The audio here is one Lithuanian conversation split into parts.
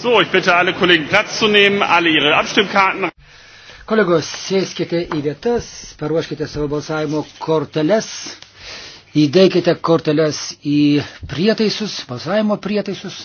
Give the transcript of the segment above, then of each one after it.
So, ich bitte alle Kollegen Platz zu nehmen, alle ihre Abstimmkarten. Kolegos, sėskite į vietas, paruoškite savo balsavimo korteles, įdėkite korteles į prietaisus, balsavimo prietaisus.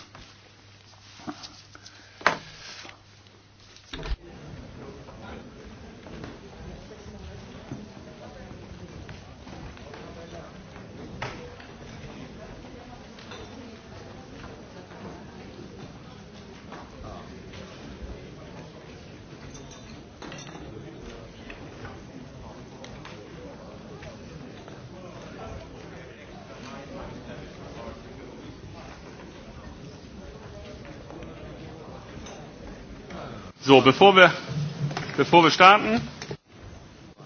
bevor wir, bevor wir starten,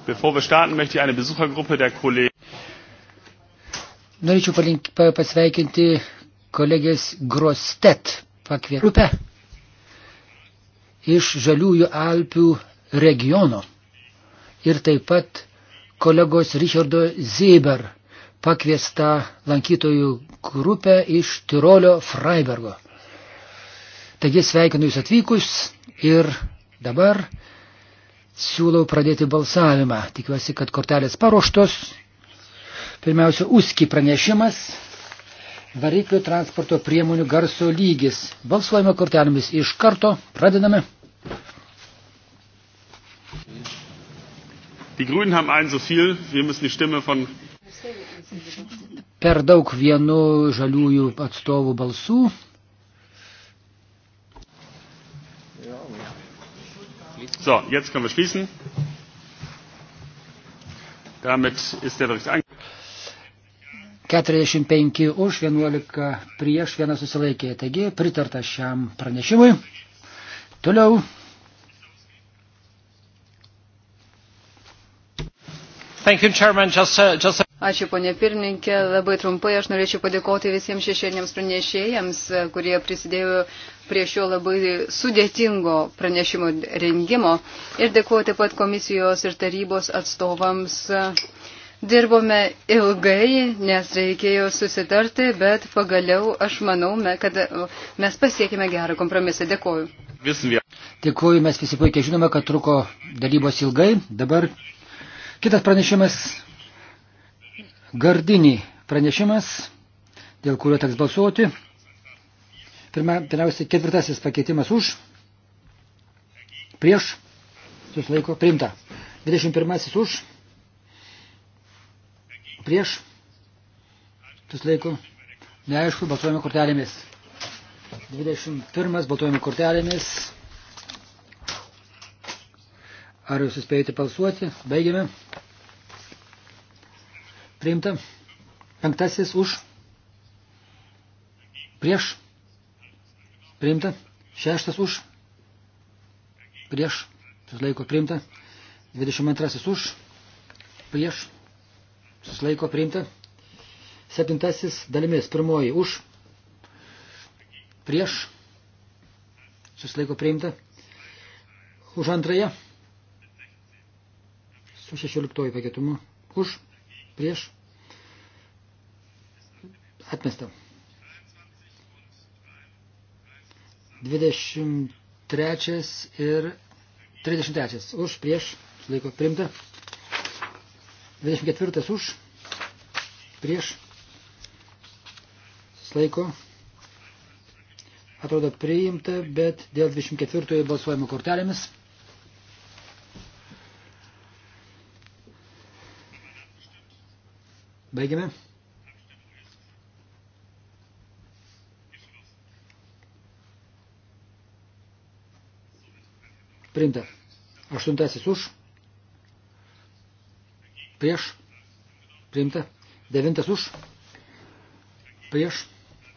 bevor wir starten, möchte ich eine Besuchergruppe der Kollegen. Norėčiau palink, pa, pasveikinti kolegės Grostet pakvietupę iš Žaliųjų Alpių regiono ir taip pat kolegos Richardo Zeber pakviesta lankytojų grupė iš Tirolio Freibergo. Taigi sveikinu Jūs atvykus ir dabar siūlau pradėti balsavimą. Tikiuosi, kad kortelės paruoštos. Pirmiausia, USKI pranešimas. Variklių transporto priemonių garso lygis. Balsuojame kortelėmis iš karto. Pradedame. Die Grünen haben einen so viel, wir müssen die Stimme von. Per daug vienų žaliųjų atstovų balsų. So, jetzt können wir schließen. Damit ist der Bericht 45 už, 11 prieš, 1 susilaikė. Taigi pritarta šiam pranešimui. Toliau. Thank you, Chairman. Just, uh, just... Ačiū, ponė pirmininkė. Labai trumpai aš norėčiau padėkoti visiems šešėliniams pranešėjams, kurie prisidėjo prie šio labai sudėtingo pranešimo rengimo. Ir dėkuoju taip pat komisijos ir tarybos atstovams. Dirbome ilgai, nes reikėjo susitarti, bet pagaliau aš manau, kad mes pasiekime gerą kompromisą. Dėkuoju. Dėkuoju, mes visi puikiai žinome, kad truko darybos ilgai. Dabar kitas pranešimas Gardinį pranešimas, dėl kurio teks balsuoti. Pirma, pirmiausia, ketvirtasis pakeitimas už, prieš, susilaiko, priimta. 21 už, prieš, susilaiko, neaišku, balsuojame kortelėmis. 21 balsuojame kortelėmis. Ar jūs suspėjote balsuoti? Baigiame priimta. Penktasis už, prieš, priimta. Šeštas už, prieš, susilaiko priimta. Dvidešimt antrasis už, prieš, susilaiko priimta. Septintasis dalimis, pirmoji už, prieš, susilaiko priimta. Už antrąją, su šešioliktoju paketumu, už, prieš atmestą. 23 ir 33 už prieš laiko primta. 24 už prieš laiko atrodo priimta, bet dėl 24 balsuojimo kortelėmis. Baigiame. Printa. Aštuntasis už. Prieš. Priimta. Devintas už. Prieš.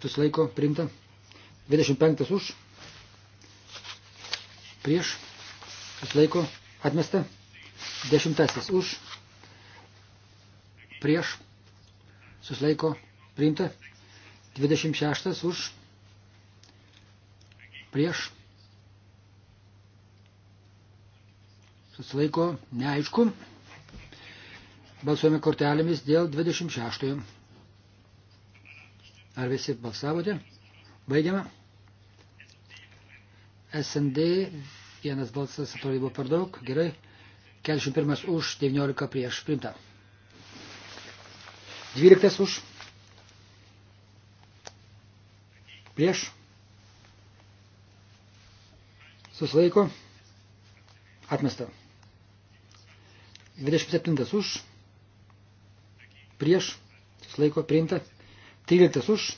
Susilaiko. Priimta. 25 už. Prieš. Susilaiko. Atmesta. Dešimtasis už. Prieš susilaiko priimta. 26 už prieš susilaiko neaišku. Balsuojame kortelėmis dėl 26. Ar visi balsavote? Baigiame. SND vienas balsas atrodo buvo per daug. Gerai. 41 už 19 prieš. Primta. Dvyliktas už. Prieš. Susilaiko. Atmesta. 27 už. Prieš. Susilaiko. Priimta. 13 už.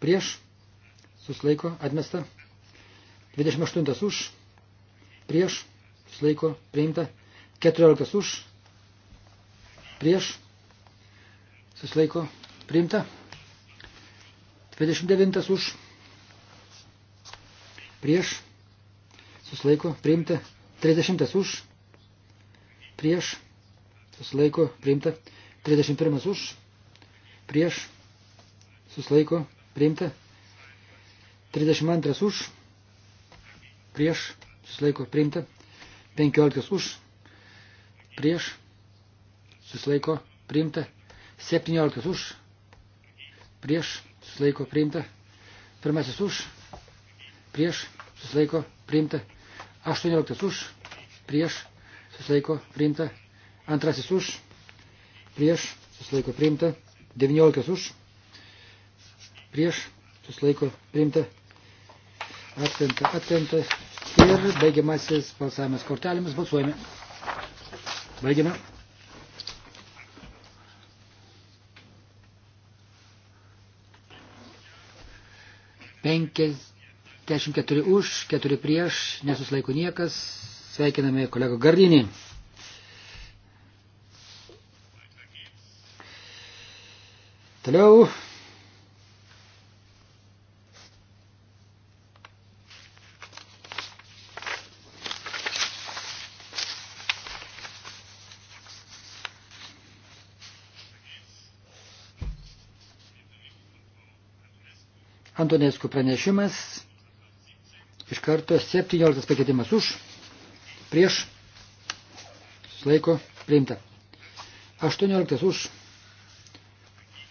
Prieš. Susilaiko. Atmesta. 28 už. Prieš. Susilaiko. Priimta. 14 už. Prieš Susilaiko. Priimta. 29 už. Prieš. Susilaiko. Priimta. 30 už. Prieš. Susilaiko. Priimta. 31 už. Prieš. Susilaiko. Priimta. 32 už. Prieš. Susilaiko. Priimta. 15 už. Prieš. Susilaiko. Priimta. 17 už, prieš, susilaiko priimta. Pirmasis už, prieš, susilaiko priimta. 18 už, prieš, susilaiko priimta. Antrasis už, prieš, susilaiko priimta. 19 už, prieš, susilaiko priimta. Atkenta, atkenta. Ir baigiamasis balsavimas kortelėmis balsuojame. Baigiame. 54 už, 4 prieš, nesuslaiko niekas. Sveikiname kolego Gardinį. Toliau Antonėskų pranešimas. Iš karto 17 pakeitimas už, prieš, laiko, priimta. 18 už,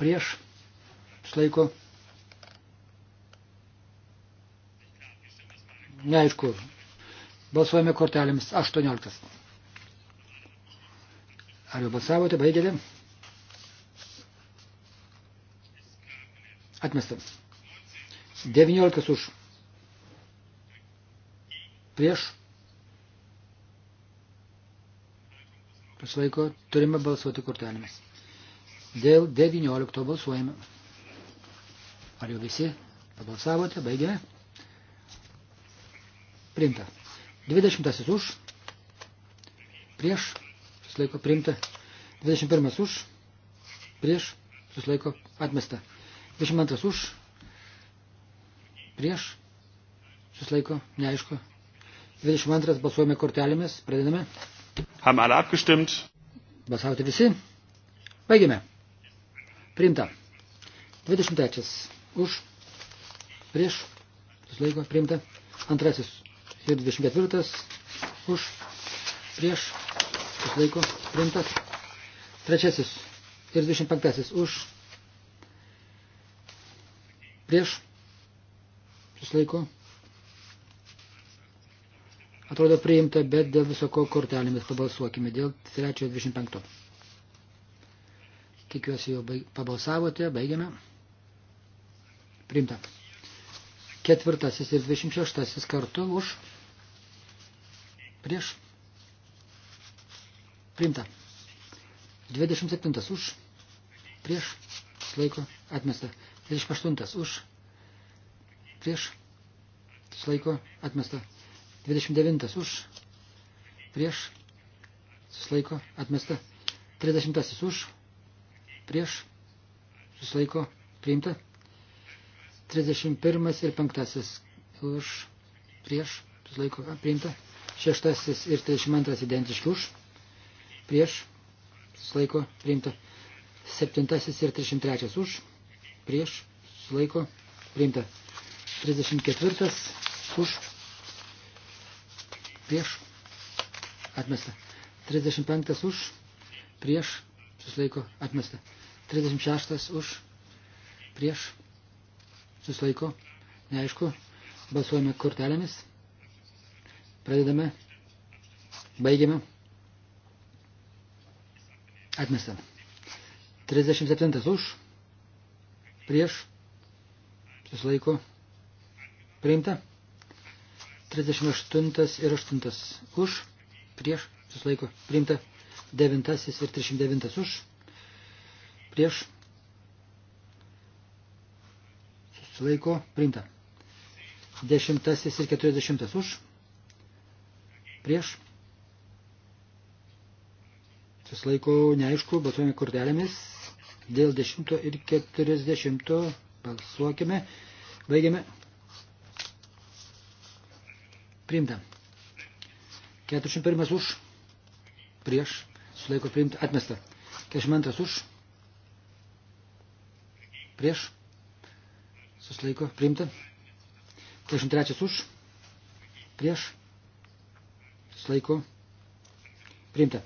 prieš, laiko. Neaišku, balsuojame kortelėmis 18. Ar jau balsavote, baigėte? Atmestas. 19 už. Prieš. Prieš laiko turime balsuoti kortelėmis. Dėl 19 balsuojame. Ar jau visi pabalsavote? Baigėme. Primta. 20 už. Prieš. Prieš laiko primta. 21 už. Prieš. Prieš laiko atmesta. 22 už Prieš. Susilaiko. Neaišku. 22 balsuojame kortelėmis. Pradedame. Haben alle abgestimmt. Balsavote visi. Baigime. Priimta. 23. Už. Prieš. Susilaiko. Priimta. Antrasis. Ir 24. Už. Prieš. Susilaiko. Priimtas. Trečiasis. Ir 25. Už. Prieš susilaiko. Atrodo priimta, bet dėl visoko kortelėmis pabalsuokime, dėl 3.25. Tikiuosi jau baig... pabalsavote, baigiame. Priimta. Ketvirtasis ir 26 kartu už. Prieš. Priimta. 27 už. Prieš. Slaiko. Atmesta. 28 už prieš, susilaiko, atmesta. 29 už, prieš, susilaiko, atmesta. 30 už, prieš, susilaiko, priimta. 31 ir 5 už, prieš, susilaiko, priimta. 6 ir 32 identiški už, prieš, susilaiko, priimta. 7 ir 33 už, prieš, susilaiko, priimta. 34 už prieš atmesta. 35 už prieš susilaiko atmesta. 36 už prieš susilaiko neaišku. Balsuojame kortelėmis. Pradedame. Baigiame. Atmesta. 37 už prieš susilaiko atmesta Priimta. 38 ir 8 už. Prieš. Susilaiko. Priimta. 9 ir 39 už. Prieš. Susilaiko. Priimta. 10 ir 40 už. Prieš. Susilaiko neaišku, balsuojame kortelėmis. Dėl 10 ir 40 balsuokime. Baigiame priimta. 401 už, prieš, sulaiko priimta, atmesta. 42 už, prieš, susilaiko priimta. 43 už, prieš, susilaiko priimta.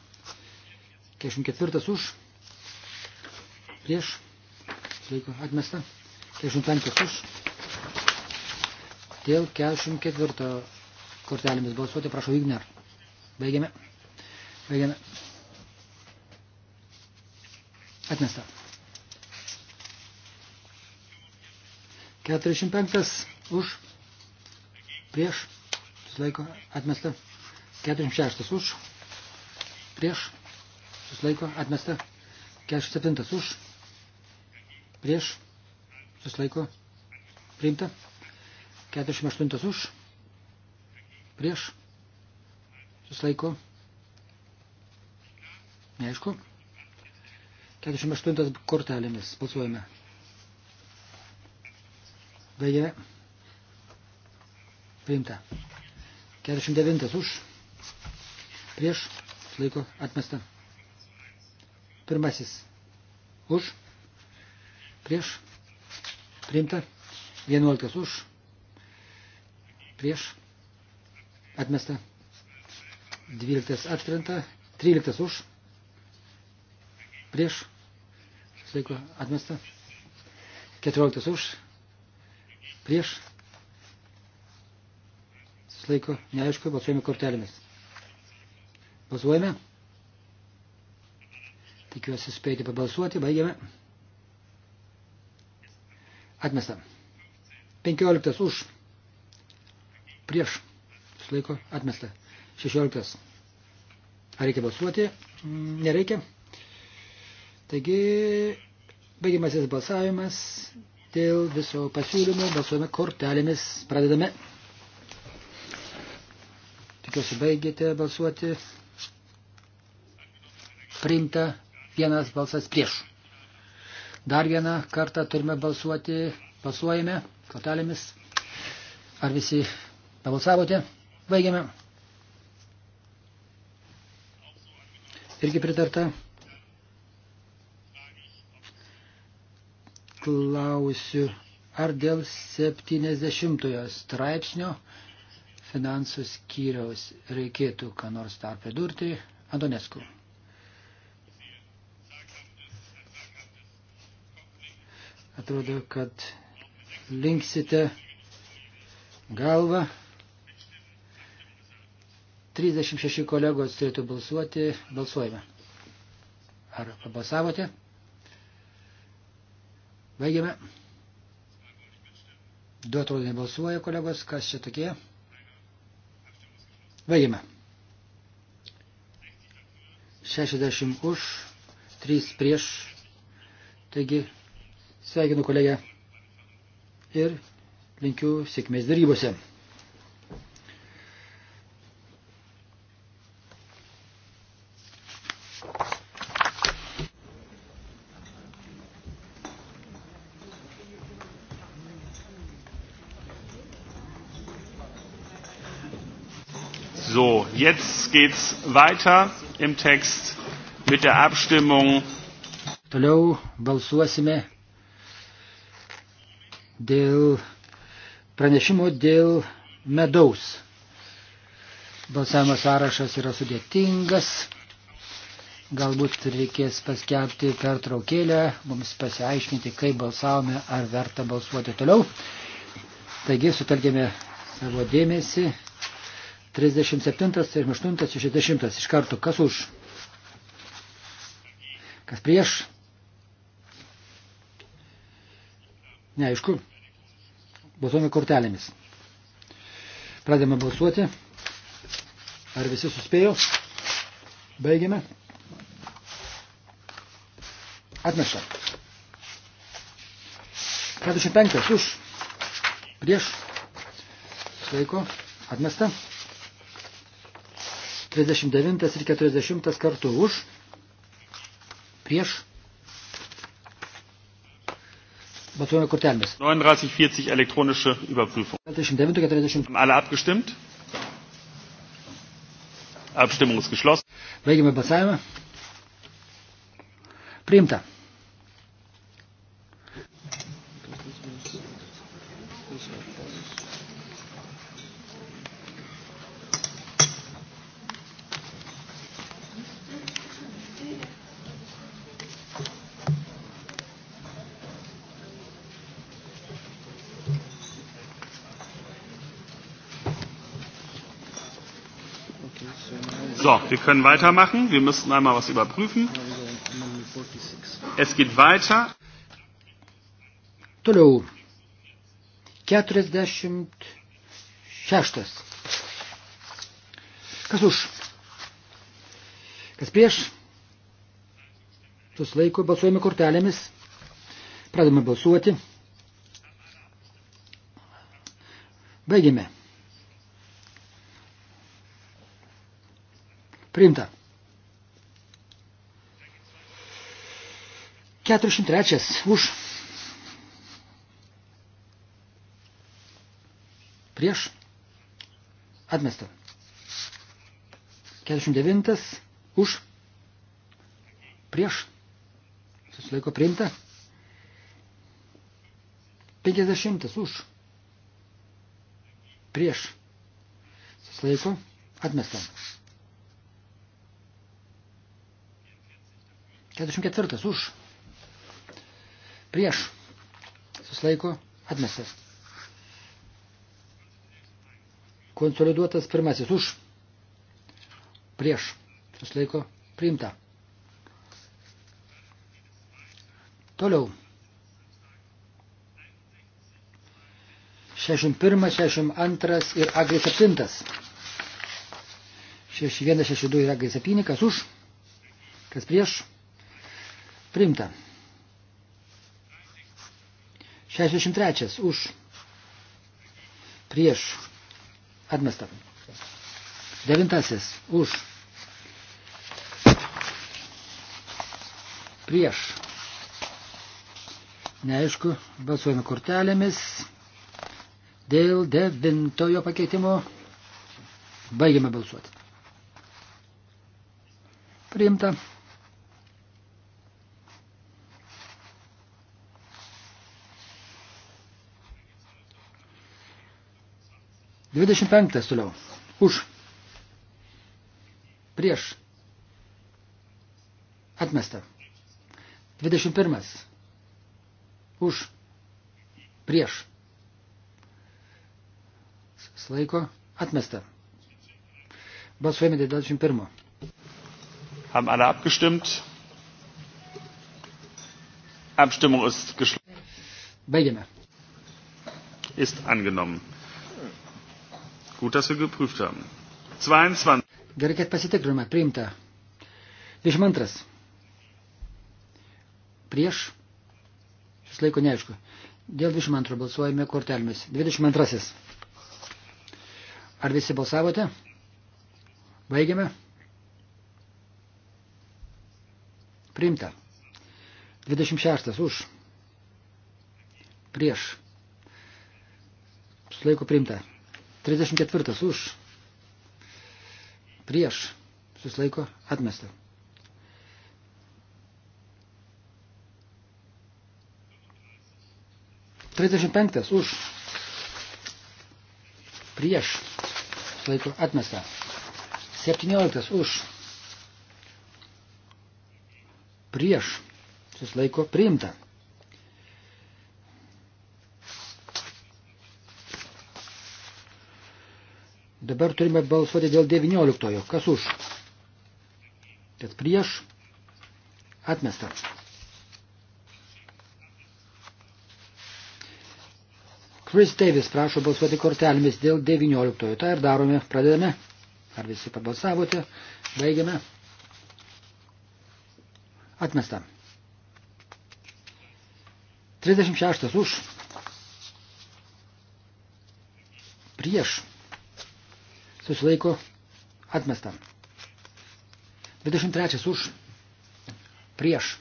44 už, prieš, susilaiko atmesta. 45 už, dėl 44 kortelėmis balsuoti, prašau Ignar. Baigiame. Baigiame. Atmesta. 45 už, prieš, susilaiko, atmesta. 46 už, prieš, susilaiko, atmesta. 47 už, prieš, susilaiko, priimta. 48 už, prieš susilaiko. Neaišku. 48 kortelėmis balsuojame. Beje, priimta. 49 už, prieš, laiko atmesta. Pirmasis už, prieš, priimta. 11 už, prieš, Atmesta. 12 atkrenta. 13 už. Prieš. Sveiko. Atmesta. 14 už. Prieš. Sveiko. Neaišku. Balsuojame kortelėmis. Balsuojame. Tikiuosi spėti pabalsuoti. Baigiame. Atmesta. 15 už. Prieš Susilaiko atmesta. 16. Ar reikia balsuoti? Mm, nereikia. Taigi, baigiamasis balsavimas dėl viso pasiūlymo. Balsuojame kortelėmis. Pradedame. Tikiuosi baigėte balsuoti. Priimta vienas balsas prieš. Dar vieną kartą turime balsuoti. Balsuojame kortelėmis. Ar visi pabalsavote? Baigiame. Irgi pritarta. Klausiu, ar dėl 70 straipsnio finansų skyriaus reikėtų ką nors dar pridurti Antonesku. Atrodo, kad linksite galvą. 36 kolegos turėtų balsuoti. Balsuojame. Ar pabalsavote? Baigiame. Du atrodo nebalsuoja kolegos. Kas čia tokie? Baigiame. 60 už, 3 prieš. Taigi, sveikinu kolegę ir linkiu sėkmės darybose. Jetzt geht's weiter im Text mit der Abstimmung. Toliau balsuosime dėl pranešimo dėl medaus. Balsavimo sąrašas yra sudėtingas. Galbūt reikės paskelbti pertraukėlę, mums pasiaiškinti, kaip balsavome, ar verta balsuoti toliau. Taigi sutelkėme savo dėmesį 37, 38, 60 iš karto. Kas už? Kas prieš? Neaišku. Balsuojame kortelėmis. Pradėme balsuoti. Ar visi suspėjo? Baigiame. Atneša. 45 už. Prieš. Sveiko. Atmesta. 39 ir 40 kartų už, prieš. Balsuojame kortelėmis. 39.40 elektronische Überprüfung. 39.40. Alle abgestimmt? Abstimmung ist geschlossen. Baigiame balsavimą. Priimta. Wir können weitermachen. Wir müssten einmal was überprüfen. Es geht weiter. Toliau. 46. Kas už? Kas prieš? Susilaiko balsuojame kortelėmis. Pradame balsuoti. Baigime. Priimta. 403 už. Prieš. Atmesta. 49 už. Prieš. Susilaiko priimta. 50 už. Prieš. Susilaiko. Atmesta. 44 už. Prieš. Suslaiko atmestas. Konsoliduotas pirmasis už. Prieš. Suslaiko priimta. Toliau. 61, 62 ir agri 7. 61, 62 ir agri 7. Kas už? Kas prieš? Primta. 63. Už. Prieš. Atmesta. Devintasis. Už. Prieš. Neaišku, balsuojame kortelėmis. Dėl devintojo pakeitimo baigiame balsuoti. Priimta. 25 toliau. Už. Prieš. Atmesta. 21. Už. Prieš. Slaiko. Atmesta. Balsuojame dėl 21. Haben alle abgestimmt? Abstimmung ist geschlossen. Baigiame. Ist angenommen. Gut, dass wir geprüft haben. 22. Gerai, kad pasitikrinome. Priimta. 22. Prieš. Šis laiko neaišku. Dėl 22 balsuojame kortelėmis. 22. Ar visi balsavote? Baigiame. Priimta. 26. Už. Prieš. Šis laiko priimta. 34 už. Prieš. Suslaiko atmesta. Trisdešimt penktas už. Prieš. Laiko atmesta. Septynioliktas už. Prieš. Suslaiko priimta. Dabar turime balsuoti dėl 19. Kas už? Kas prieš? Atmesta. Chris Davis prašo balsuoti kortelėmis dėl 19. Ta ir darome. Pradedame. Ar visi pabalsavote? Baigiame. Atmesta. 36 už. Prieš susilaiko atmesta. 23 už, prieš,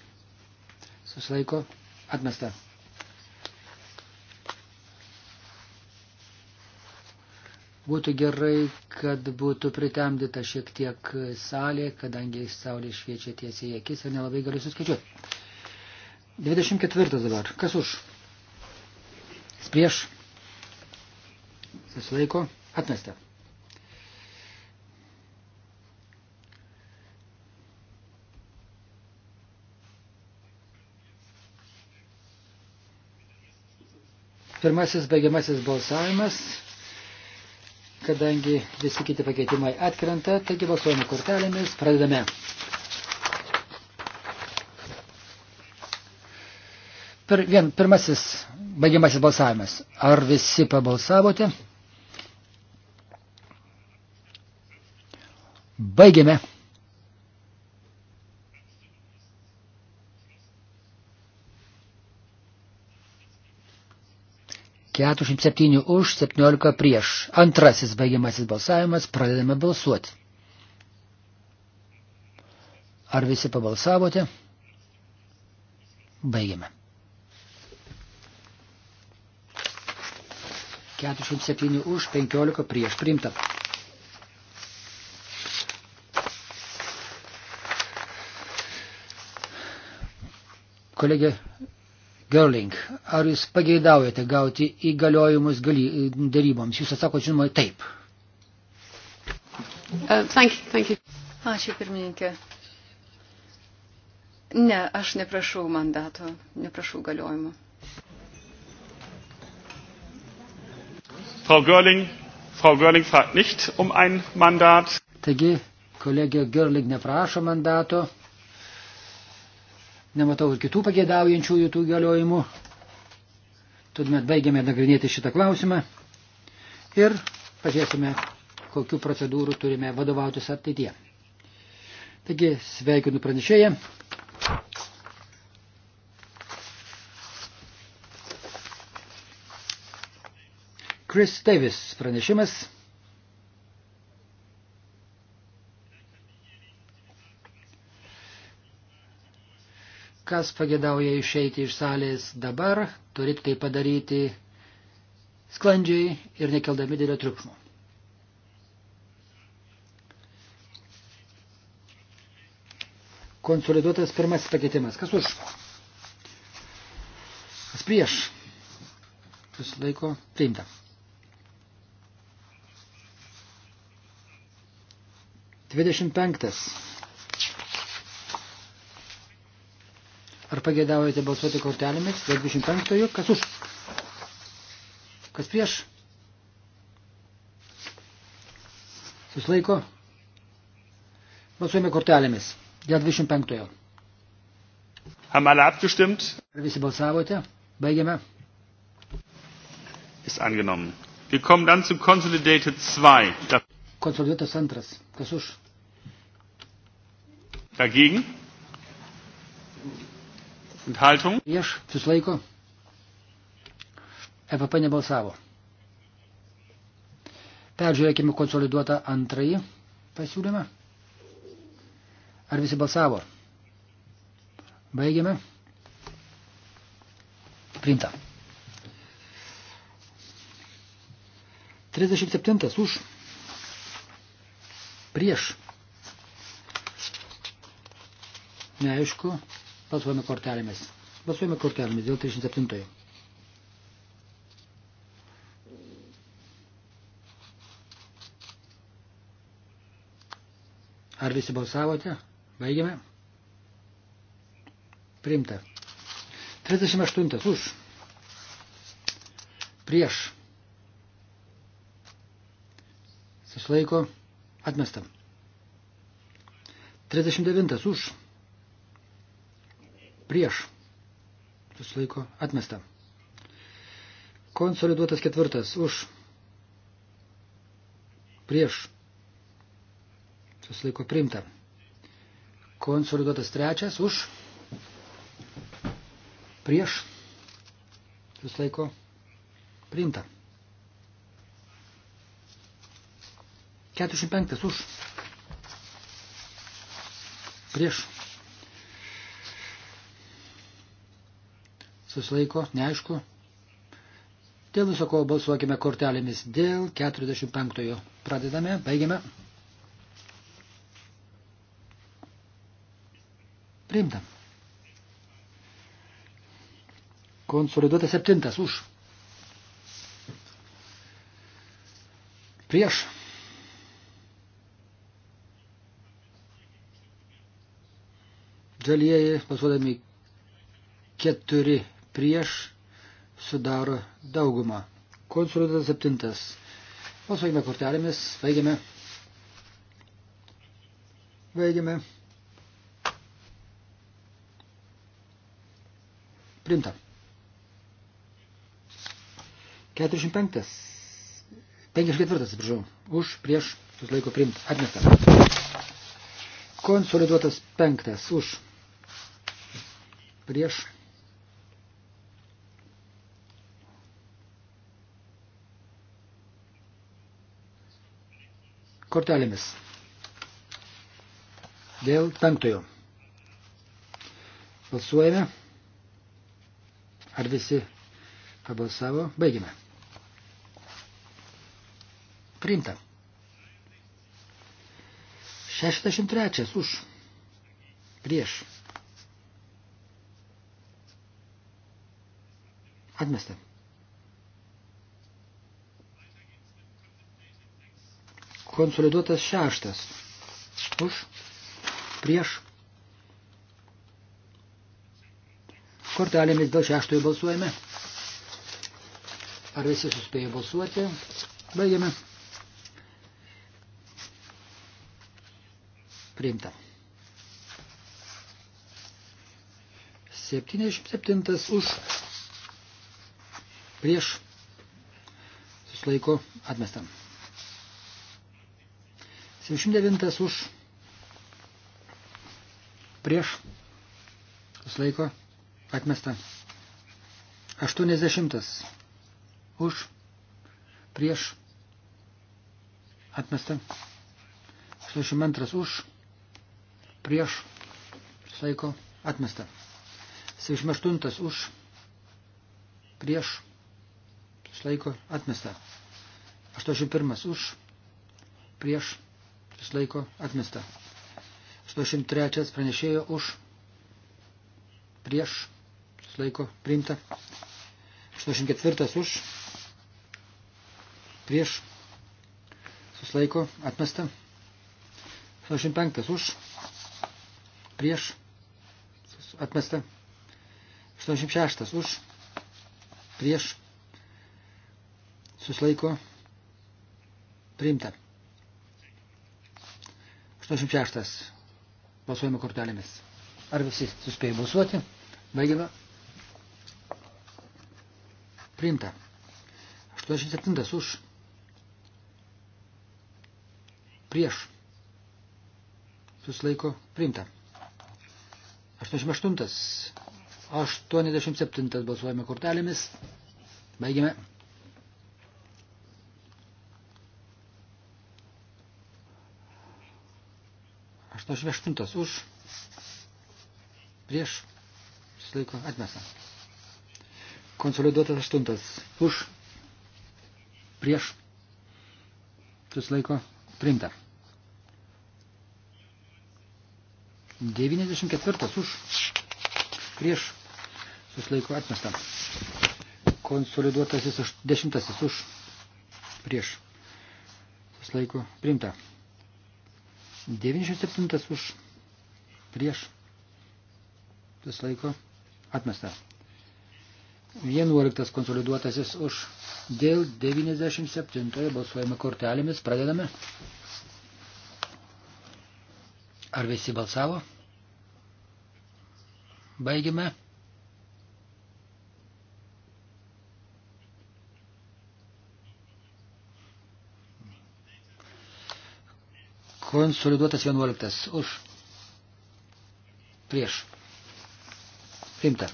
susilaiko atmesta. Būtų gerai, kad būtų pritemdyta šiek tiek salė, kadangi saulė šviečia tiesiai į akis ir nelabai galiu suskaičiuoti. 24 dabar. Kas už? Jis prieš. Susilaiko. Atmesta. Pirmasis baigiamasis balsavimas, kadangi visi kiti pakeitimai atkrenta, taigi balsuojame kortelėmis, pradedame. Pir, vien pirmasis baigiamasis balsavimas. Ar visi pabalsavote? Baigiame. 47 už, 17 prieš. Antrasis baigiamasis balsavimas, pradedame balsuoti. Ar visi pabalsavote? Baigiame. 47 už, 15 prieš. Primta. Kolegė Gerling, ar jūs pageidaujate gauti įgaliojimus gali, daryboms? Jūs atsako, žinoma, taip. Uh, thank you, thank you. Ačiū, pirmininkė. Ne, aš neprašau mandato, neprašau galiojimo. Frau Görling, Frau Görling fragt nicht um ein Mandat. Taigi, kolegė Görling neprašo mandato. Nematau ir kitų pageidaujančiųjų tų galiojimų. Tuomet baigiame nagrinėti šitą klausimą ir pažiūrėsime, kokiu procedūrų turime vadovautis ateityje. Taigi sveikinu pranešėją. Chris Davis pranešimas. Kas pagėdauja išeiti iš salės dabar, turit tai padaryti sklandžiai ir nekeldami didelio triukšmo. Konsoliduotas pirmasis pakeitimas. Kas už? Kas prieš? Vis laiko priimta. Dvidešimt penktas. Ar pagėdavote balsuoti kortelėmis? 25. Kas už? Kas prieš? Suslaiko? Balsuojame kortelėmis. Dėl 25. Haben alle abgestimmt? Ar visi balsavote? Baigiame. Ist angenommen. Wir kommen dann zu Consolidated 2. Konsolidatas antras. Kas už? Dagegen? Enthaltung. Prieš susilaiko. EPP nebalsavo. Peržiūrėkime konsoliduotą antrąjį pasiūlymą. Ar visi balsavo? Baigiame. Priimta. 37 už. Prieš. Neaišku, Balsuojame kortelėmis. Balsuojame kortelėmis dėl 37. Ar visi balsavote? Baigiame. Priimta. 38. Už. Prieš. Susilaiko. Atmestam. 39. Už prieš, susilaiko atmesta. Konsoliduotas ketvirtas už, prieš, susilaiko primta. Konsoliduotas trečias už, prieš, susilaiko primta. 45 už. Prieš. susilaiko, neaišku. Dėl viso ko balsuokime kortelėmis. Dėl 45-ojo pradedame, baigiame. Priimta. Konsoliduotas septintas už. Prieš. Žalieji pasuodami keturi prieš sudaro daugumą. Konsolidatas septintas. Balsuojame kortelėmis, vaigiame. Vaigiame. Primta. 45. 54, atsiprašau. Už, prieš, susilaiko priimta. Atmesta. Konsoliduotas penktas. Už. Prieš kortelėmis. Dėl penktojo. Balsuojame. Ar visi pabalsavo? Baigime. Priimta. 63 už. Prieš. Atmesta. Konsoliduotas šeštas. Už. Prieš. Kortelėmis dėl šeštojo balsuojame. Ar visi suspėjo balsuoti? Baigiame. Priimta. 77 už prieš susilaiko atmestam. 69 už prieš susilaiko atmesta. 80 už prieš atmesta. 82 už prieš susilaiko atmesta. 78 už prieš susilaiko atmesta. 81 už prieš Susilaiko atmesta. 103 pranešėjo už. Prieš. Susilaiko priimta. 104 už. Prieš. Susilaiko atmesta. 105 už. Prieš. Atmesta. 86 už. Prieš. Susilaiko priimta. 86. Balsuojame kortelėmis. Ar visi suspėjo balsuoti? Baigiame. Priimta. 87 už. Prieš. Suslaiko. Priimta. 88. 87 balsuojame kortelėmis. Baigiame. 88 už, prieš, susilaiko, atmesta. Konsoliduotas 8 už, prieš, susilaiko, priimta. 94 už, prieš, susilaiko, atmesta. Konsoliduotasis 10 už, prieš, susilaiko, priimta. 97 už prieš vis laiko atmesta. 11 konsoliduotasis už dėl 97 balsuojame kortelėmis. Pradedame. Ar visi balsavo? Baigime. Konsoliduotas 11. Už. Prieš. Priimta.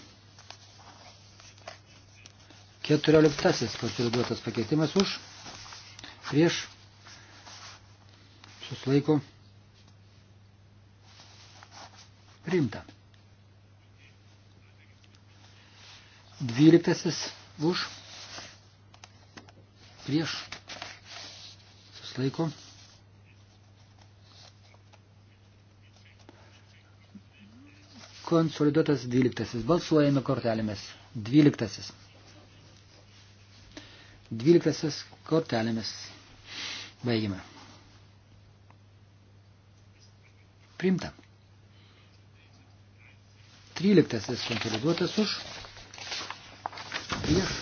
14. Konsoliduotas pakeitimas už. Prieš. Suslaiko. Priimta. 12. Už. Prieš. Suslaiko. Priimta konsoliduotas 12. Balsuojame kortelėmis. 12. 12 kortelėmis. Baigime. Primta. 13 konsoliduotas už. Prieš.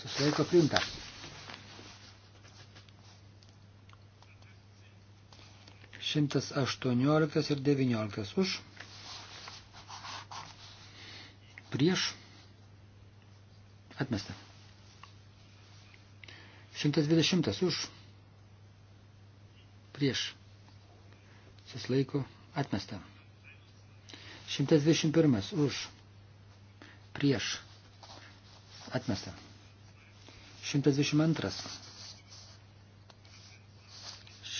Susilaiko primta. 118 ir 19 už prieš, atmesta. 120 už, prieš, susilaiko, atmesta. 121 už, prieš, atmesta. 122.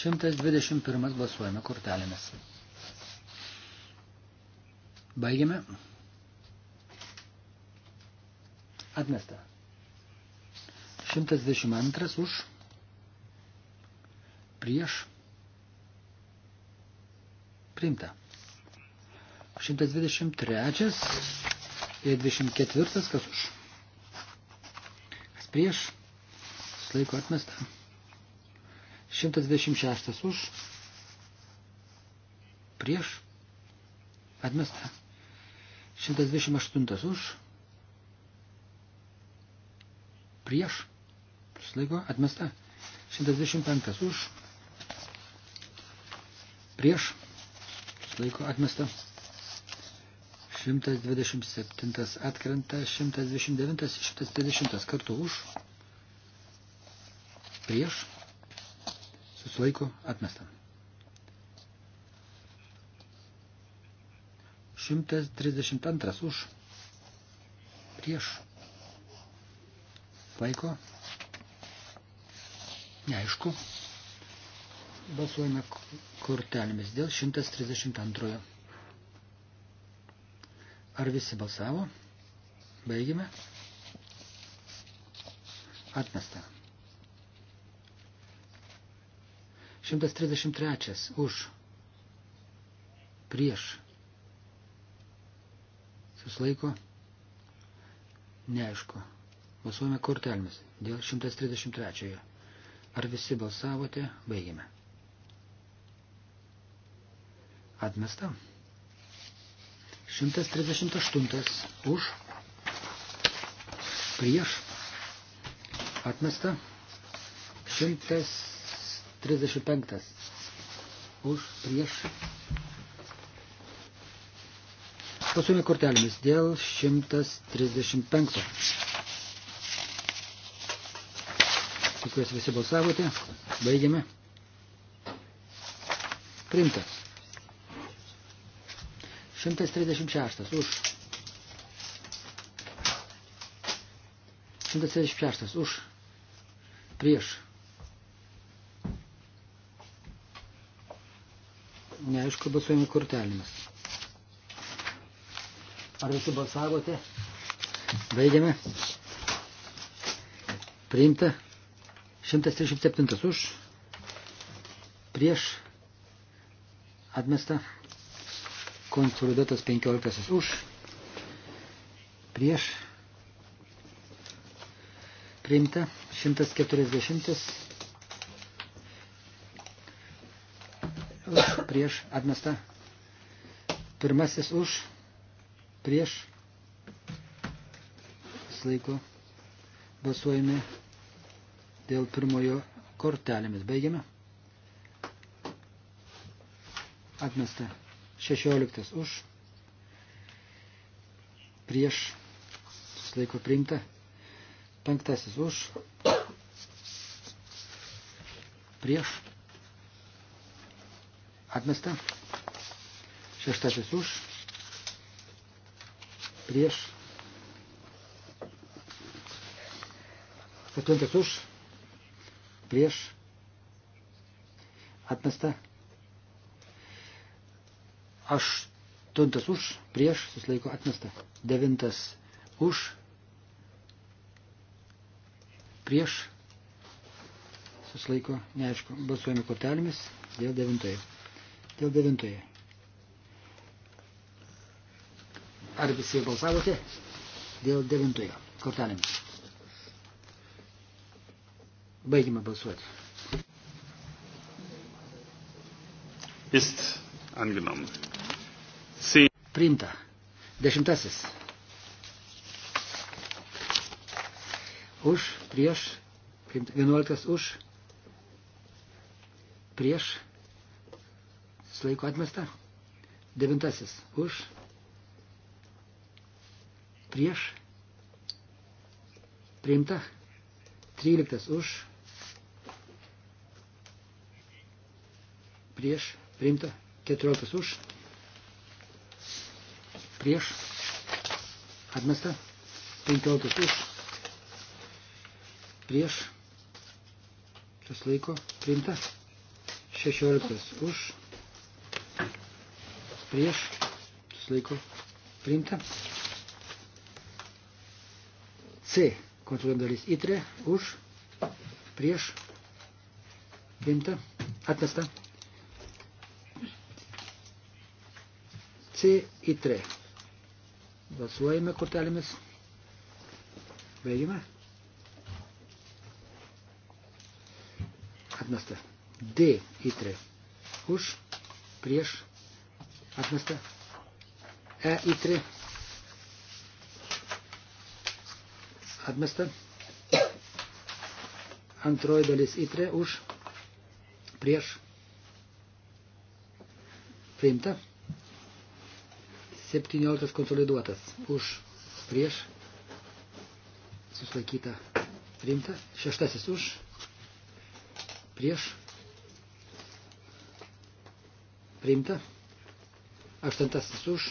121 balsuojame kortelėmis. Baigiame. Atmesta. 122 už. Prieš. Primta. 123 ir 24 kas už. Kas prieš. Slaiko atmesta. 126 už. Prieš. Atmesta. 128 už prieš, susilaiko, atmesta. 125 už, prieš, susilaiko, atmesta. 127 atkrenta, 129, 130 kartų už, prieš, susilaiko, atmesta. 132 už, prieš, laiko. Neaišku. Balsuojame kortelėmis dėl 132. Ar visi balsavo? Baigime. Atmesta. 133. Už. Prieš. Suslaiko. Neaišku. Balsuojame kortelėmis dėl 133. Ar visi balsavote? Baigime. Atmesta. 138 už. Prieš. Atmesta. 135 už. Prieš. Pasuome kortelėmis dėl 135. Jūs visi balsavote. Baigiame. Primta. 136 už. 136 už. Prieš. Neaišku, balsuojame kortelėmis. Ar visi balsavote? Baigiame. Priimta. 137 už, prieš atmesta, konsoliduotas 15 už, prieš priimta 140 už, prieš atmesta, pirmasis už, prieš laiko balsuojame dėl pirmojo kortelėmis. Baigiame. Atmesta. 16 už. Prieš. Susilaiko priimta. Penktasis už. Prieš. Atmesta. Šeštasis už. Prieš. Septintas už prieš atmesta. Aštuntas už, prieš susilaiko atmesta. Devintas už, prieš susilaiko, neaišku, balsuojame kortelėmis dėl devintojo. Dėl devintojo. Ar visi balsavote? Dėl devintojo kortelėmis. Baigime balsuoti. Ist angenommen. Sie. Priimta. Dešimtasis. Už, prieš, priimta. Vienuoliktas už, prieš, slaiko atmesta. Devintasis. Už, prieš, priimta. Tryliktas už, prieš, priimta, 14 už, prieš, atmesta, 15 už, prieš, kas laiko, priimta, 16 už, prieš, kas laiko, priimta, C, kontroliuojant dalis įtrė, e. už, prieš, priimta, atmesta, C į 3. Balsuojame kortelėmis. Baigime. Atmesta. D į 3. Už, prieš, atmesta. E į 3. Atmesta. Antroji dalis į 3. Už, prieš, priimta. 17 konsoliduotas už prieš suslaikyta priimta. Šeštasis už prieš priimta. Aštuntasis už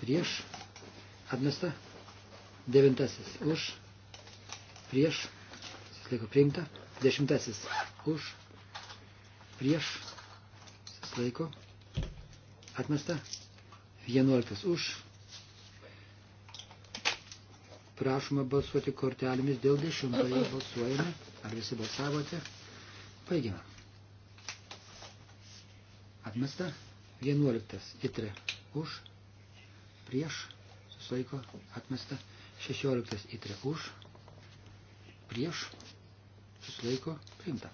prieš atmesta. Devintasis už prieš suslaiko priimta. Dešimtasis už prieš suslaiko priimta Atmesta. 11 už. Prašoma balsuoti kortelėmis dėl dešimtojo balsuojame. Ar visi balsavote? Baigime. Atmesta. 11. Itre. Už. Prieš. Susilaiko. Atmesta. 16. Itre. Už. Prieš. Susilaiko. Priimta.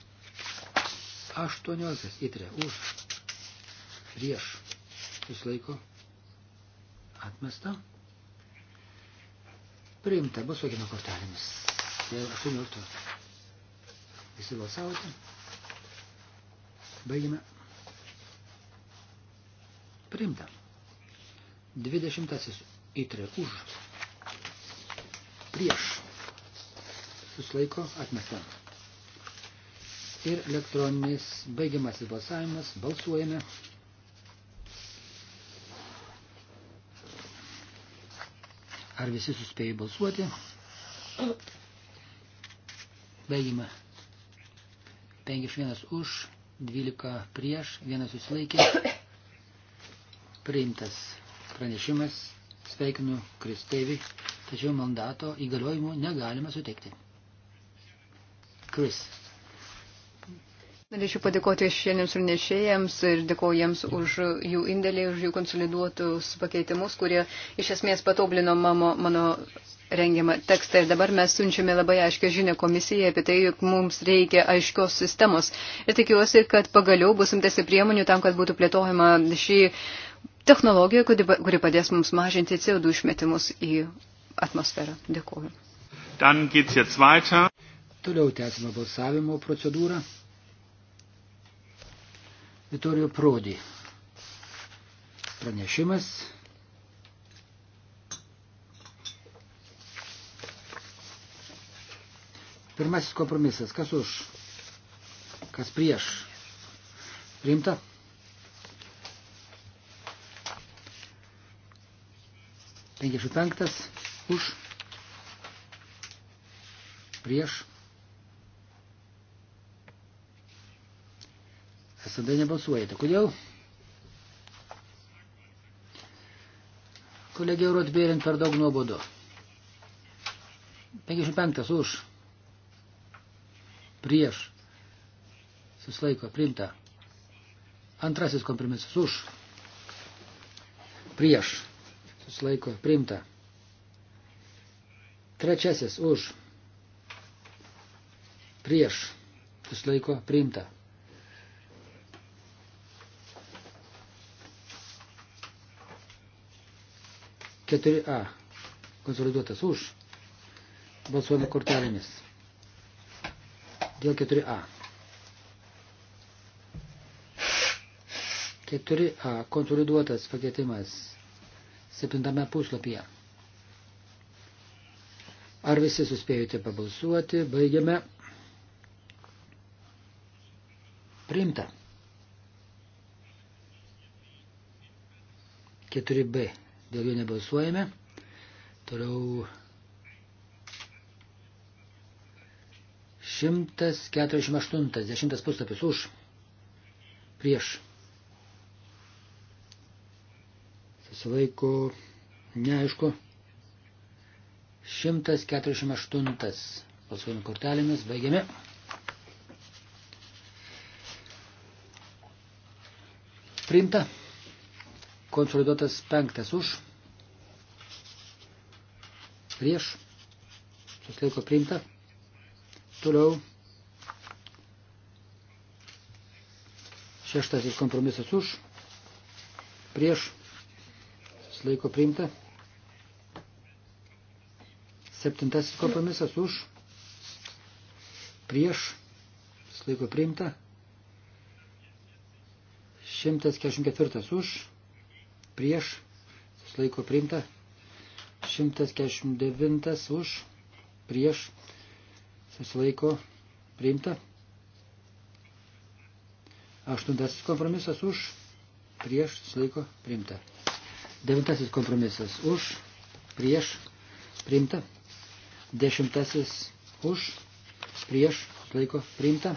18. Itre. Už. Prieš susilaiko atmesta. Priimta, balsuokime kortelėmis. Dėl 18. Visi balsavote. Baigime. Priimta. 20. Įtrė už. Prieš. Susilaiko atmesta. Ir elektroninis baigiamasis balsavimas. Balsuojame. Ar visi suspėjo balsuoti? Baigime. 51 už, 12 prieš, vienas susilaikė. Priimtas pranešimas. Sveikinu Kristevį, tačiau mandato įgaliojimų negalima suteikti. Kris. Norėčiau padėkoti šiandien sunešėjams ir dėkoju jiems už jų indėlį, už jų konsoliduotus pakeitimus, kurie iš esmės patoblino mano, mano rengiamą tekstą. Ir dabar mes siunčiame labai aiškę žinę komisijai apie tai, jog mums reikia aiškios sistemos. Ir tikiuosi, kad pagaliau bus imtasi priemonių tam, kad būtų plėtojama šį technologiją, kuri padės mums mažinti CO2 išmetimus į atmosferą. Dėkoju. Toliau tęsime balsavimo procedūrą. Vitorio Prodi. Pranešimas. Pirmasis kompromisas. Kas už? Kas prieš? Rimta? Penkiasdešimt penktas už prieš Visada nebalsuojate. Kodėl? Kolegė Rotbėrin per daug nuobodu. 55 už. Prieš. Suslaiko. Primta. Antrasis kompromisas už. Prieš. Suslaiko. Primta. Trečiasis už. Prieš. Suslaiko. Primta. 4A. Konsoliduotas už. Balsuojame kortelėmis. Dėl 4A. 4A. Konsoliduotas pakeitimas. 7 puslapyje. Ar visi suspėjote pabalsuoti? Baigiame. Priimta. 4B dėl jo nebalsuojame. Toliau 148, 10 puslapis už, prieš. Susilaiko, neaišku. 148 balsuojame kortelėmis, baigiame. Priimta. Konsoliduotas penktas už prieš, susilaiko priimta. Toliau šeštasis kompromisas už, prieš, susilaiko priimta. Septintasis kompromisas už, prieš, susilaiko priimta. 144 už, prieš, susilaiko priimta. 149 už, prieš, susilaiko, priimta. Aštuntasis kompromisas už, prieš, susilaiko, priimta. Devintasis kompromisas už, prieš, priimta. Dešimtasis už, prieš, laiko priimta.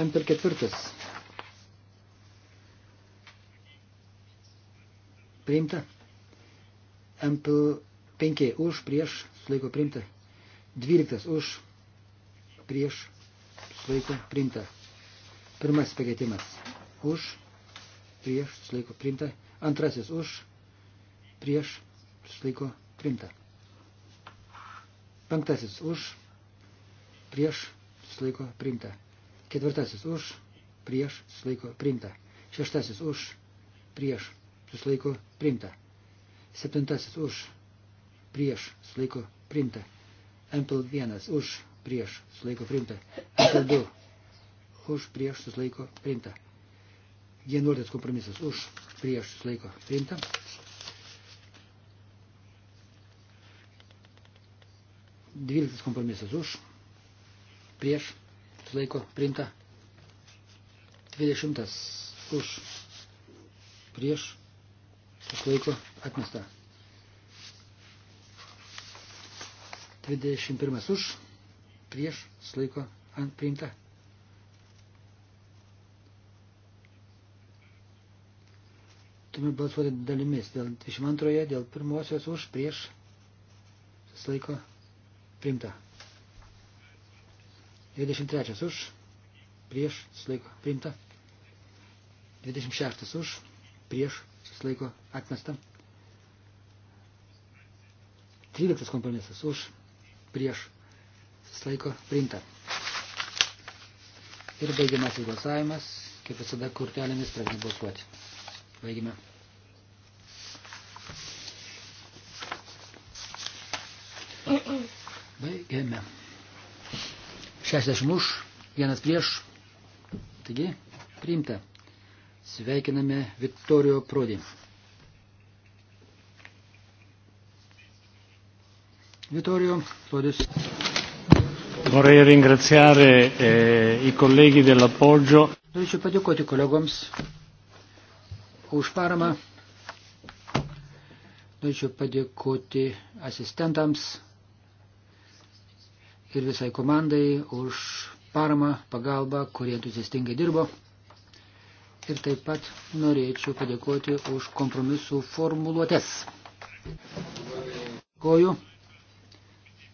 M per ketvirtas priimta. MP5 už, prieš, sulaiko priimta. 12 už, prieš, sulaiko priimta. Pirmasis pakeitimas už, prieš, sulaiko priimta. Antrasis už, prieš, sulaiko priimta. Penktasis už, prieš, sulaiko priimta. Ketvirtasis už, prieš, sulaiko priimta. Šeštasis už, prieš, susilaiko primta. Septintasis už, prieš, susilaiko primta. Ample 1 už, prieš, susilaiko primta. Ample 2 už, prieš, susilaiko primta. 11 kompromisas už, prieš, susilaiko primta. Dvyliktas kompromisas už, prieš, susilaiko primta. Dvidešimtas už, prieš, susilaiko atmesta. 21 už, prieš, susilaiko ant priimta. Turime balsuoti dalimis dėl 22, dėl pirmosios už, prieš, susilaiko priimta. 23 už, prieš, susilaiko priimta. 26 už, prieš, susilaiko atmesta. 13 kompromisas už, prieš, susilaiko priimta. Ir baigiamas balsavimas, kaip visada kurtelėmis pradėjome balsuoti. Baigime. Baigėme. 60 už, vienas prieš. Taigi, priimta. Sveikiname Viktorijo Prodį. Vittorio, Prodis. Vorrei ringraziare eh, i colleghi dell'appoggio. Norėčiau padėkoti kolegoms už paramą. Norėčiau padėkoti asistentams ir visai komandai už paramą, pagalbą, kurie entuziastingai dirbo ir taip pat norėčiau padėkoti už kompromisų formuluotės. Koju.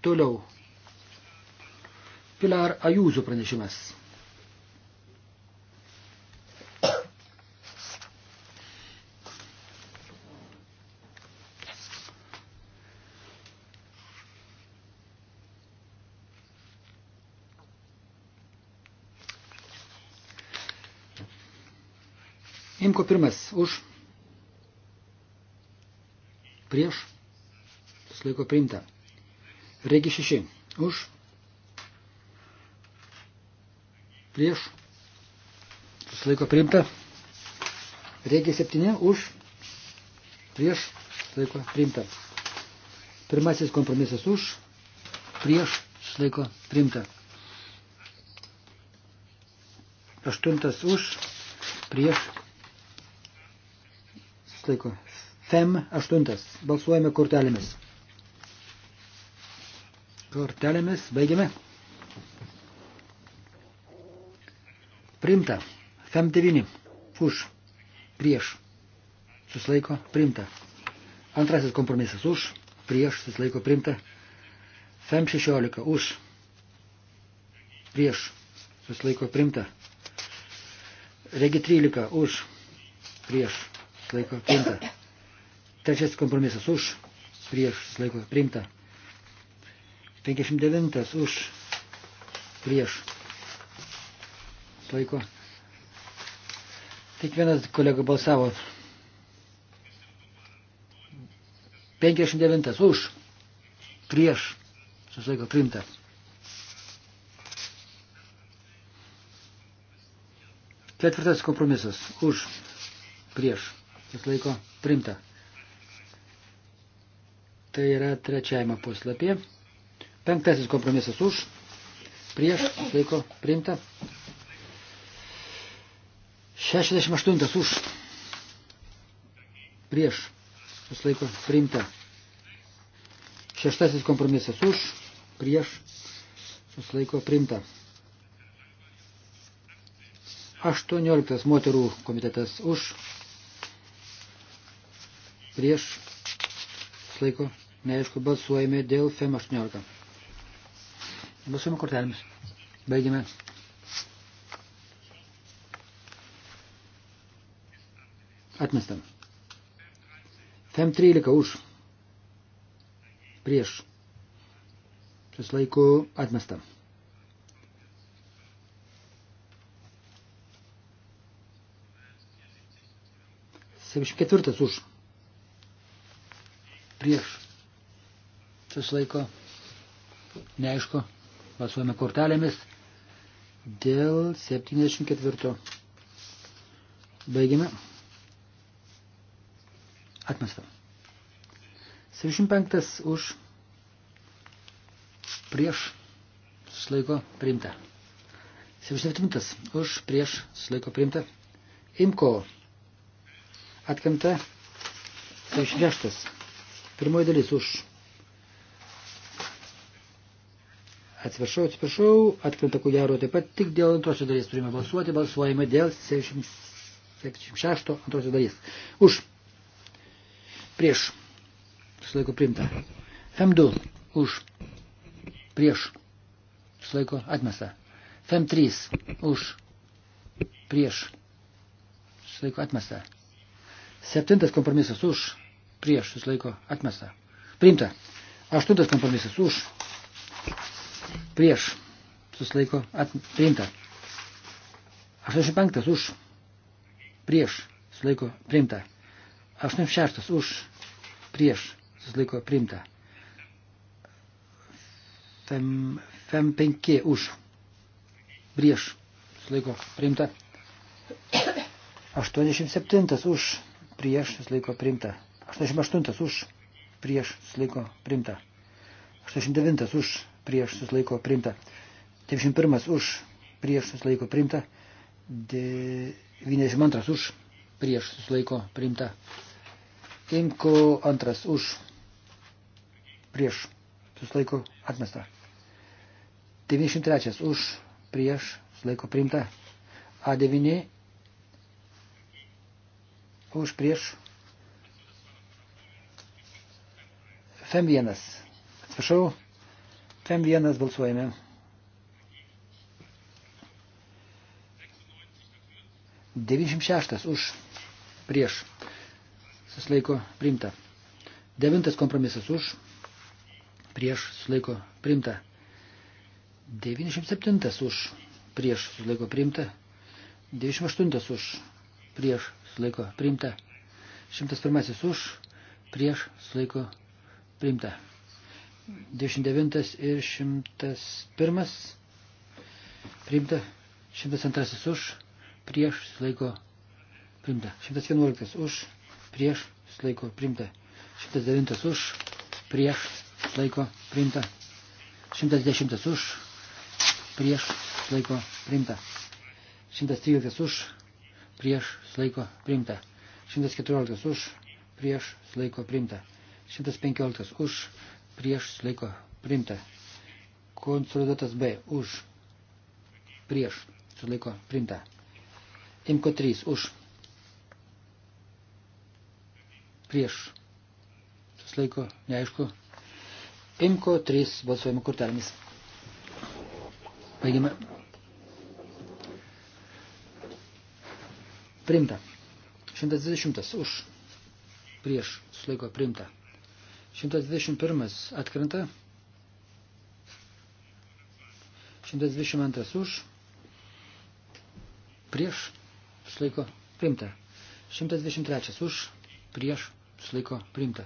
Toliau. Pilar Ajūzų pranešimas. Imko pirmas už. Prieš. Susilaiko priimta. Regi šeši už. Prieš. Susilaiko priimta. Regi septyni už. Prieš. Susilaiko priimta. Pirmasis kompromisas už. Prieš. Susilaiko priimta. Aštuntas už prieš Laiko. FEM 8. Balsuojame kortelėmis. Kortelėmis baigiame. Primta. FEM 9. Už. Prieš. Suslaiko. Primta. Antrasis kompromisas. Už. Prieš. Suslaiko. Primta. FEM 16. Už. Prieš. Suslaiko. Primta. Regi 13. Už. Prieš susilaiko priimta. Trečias kompromisas už, prieš susilaiko priimta. 59 už, prieš laiko. Tik vienas kolega balsavo. 59 už, prieš, susilaiko primta. Ketvirtas kompromisas. Už. Prieš jis laiko primta. Tai yra trečiajame puslapyje. Penktasis kompromisas už, prieš, jis laiko primta. 68 už, prieš, jis laiko primta. Šeštasis kompromisas už, prieš, susilaiko primta. 18 moterų komitetas už, prieš laiko neaišku balsuojame dėl FEM 18. Balsuojame kortelėmis. Baigime. Atmestam. FEM 13 už. Prieš. Šis laiko atmestam. Septyniasdešimt ketvirtas už prieš susilaiko, neaišku, balsuojame kortelėmis dėl 74. Baigiame. Atmesta. 75 už prieš susilaiko priimta. 77 už prieš susilaiko priimta. Imko. Atkanta 76 Pirmoji dalis už. Atsiprašau, atsiprašau, atkrenta ko gero taip pat tik dėl antrosios dalies turime balsuoti, balsuojame dėl 76 antrosios dalies. Už. Prieš. Susilaiko primta. M2. Už. Prieš. Susilaiko atmesta. FM3 už prieš. Sulaiko atmesta. Septintas kompromisas už prieš susilaiko atmesta. Priimta. Aštuntas kompromisas už prieš susilaiko at, priimta. 85 už prieš susilaiko priimta. 86 už prieš susilaiko priimta. 55 už prieš susilaiko priimta. 87 už prieš susilaiko priimta. 88 už prieš susilaiko primta. 89 už prieš susilaiko primta. 91 už prieš susilaiko primta. 92 už prieš susilaiko primta. Imko antras už prieš susilaiko atmesta. 93 už prieš susilaiko primta. A9 už prieš FEM1. Atsiprašau, FEM1 balsuojame. Devinšimt šeštas už prieš. Suslaiko primta. Devintas kompromisas už prieš sulaiko primta. 97 už prieš sulaiko primta. 98 už prieš sulaiko primta. 101 už prieš sulaiko priimta. 99 ir 101 priimta. 102 už, prieš laiko priimta. 111 už, prieš laiko priimta. 109 už, prieš laiko priimta. 110 už, prieš laiko priimta. 113 už, prieš laiko priimta. 114 už, prieš laiko priimta. 115 už, prieš laiko primta. Konsoliduotas B už, prieš laiko primta. Imko 3 už, prieš laiko neaišku. Imko 3 balsuojimo kortelėmis. Baigime. Primta. 120 už. Prieš. Sulaiko primta. 121 atkrenta. 122 už. Prieš. Slaiko. Primta. 123 už. Prieš. Slaiko. Primta.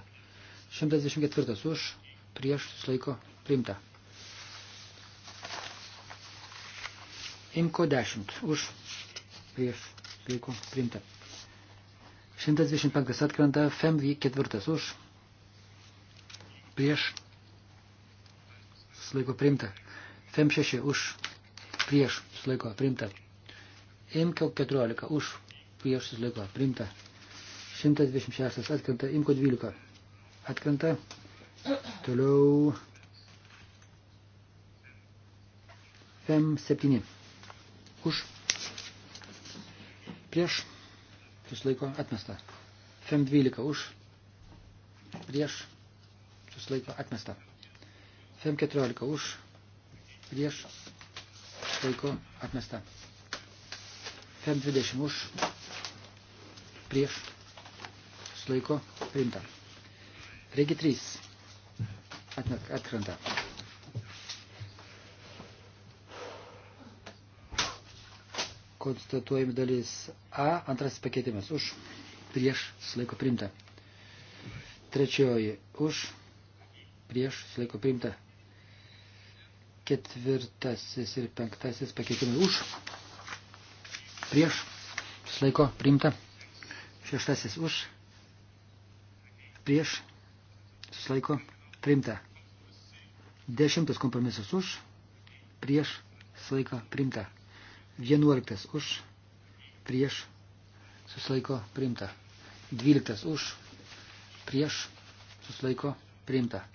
124 už. Prieš. Slaiko. Primta. Imko 10 už. Prieš. Slaiko. Primta. 125 atkrenta. FEM 4 už prieš, susilaiko primta. Fem 6 už, prieš, susilaiko primta. Imko 14 už, prieš, susilaiko primta. 126 atkrenta, imko 12 atkrenta. Toliau Fem 7 už, prieš, susilaiko atmesta. Fem 12 už, prieš, susilaiko atmesta. FEM 14 už, prieš, susilaiko atmesta. FEM 20 už, prieš, susilaiko priimta. Regi 3 atkrenta. konstatuojami dalis A, antrasis pakeitimas už, prieš, laiko primta. Trečioji už, prieš susilaiko priimta. Ketvirtasis ir penktasis pakeitimai už, prieš susilaiko priimta. Šeštasis už, prieš susilaiko priimta. Dešimtas kompromisas už, prieš susilaiko priimta. Vienuoliktas už, prieš susilaiko priimta. Dvyliktas už, prieš susilaiko priimta.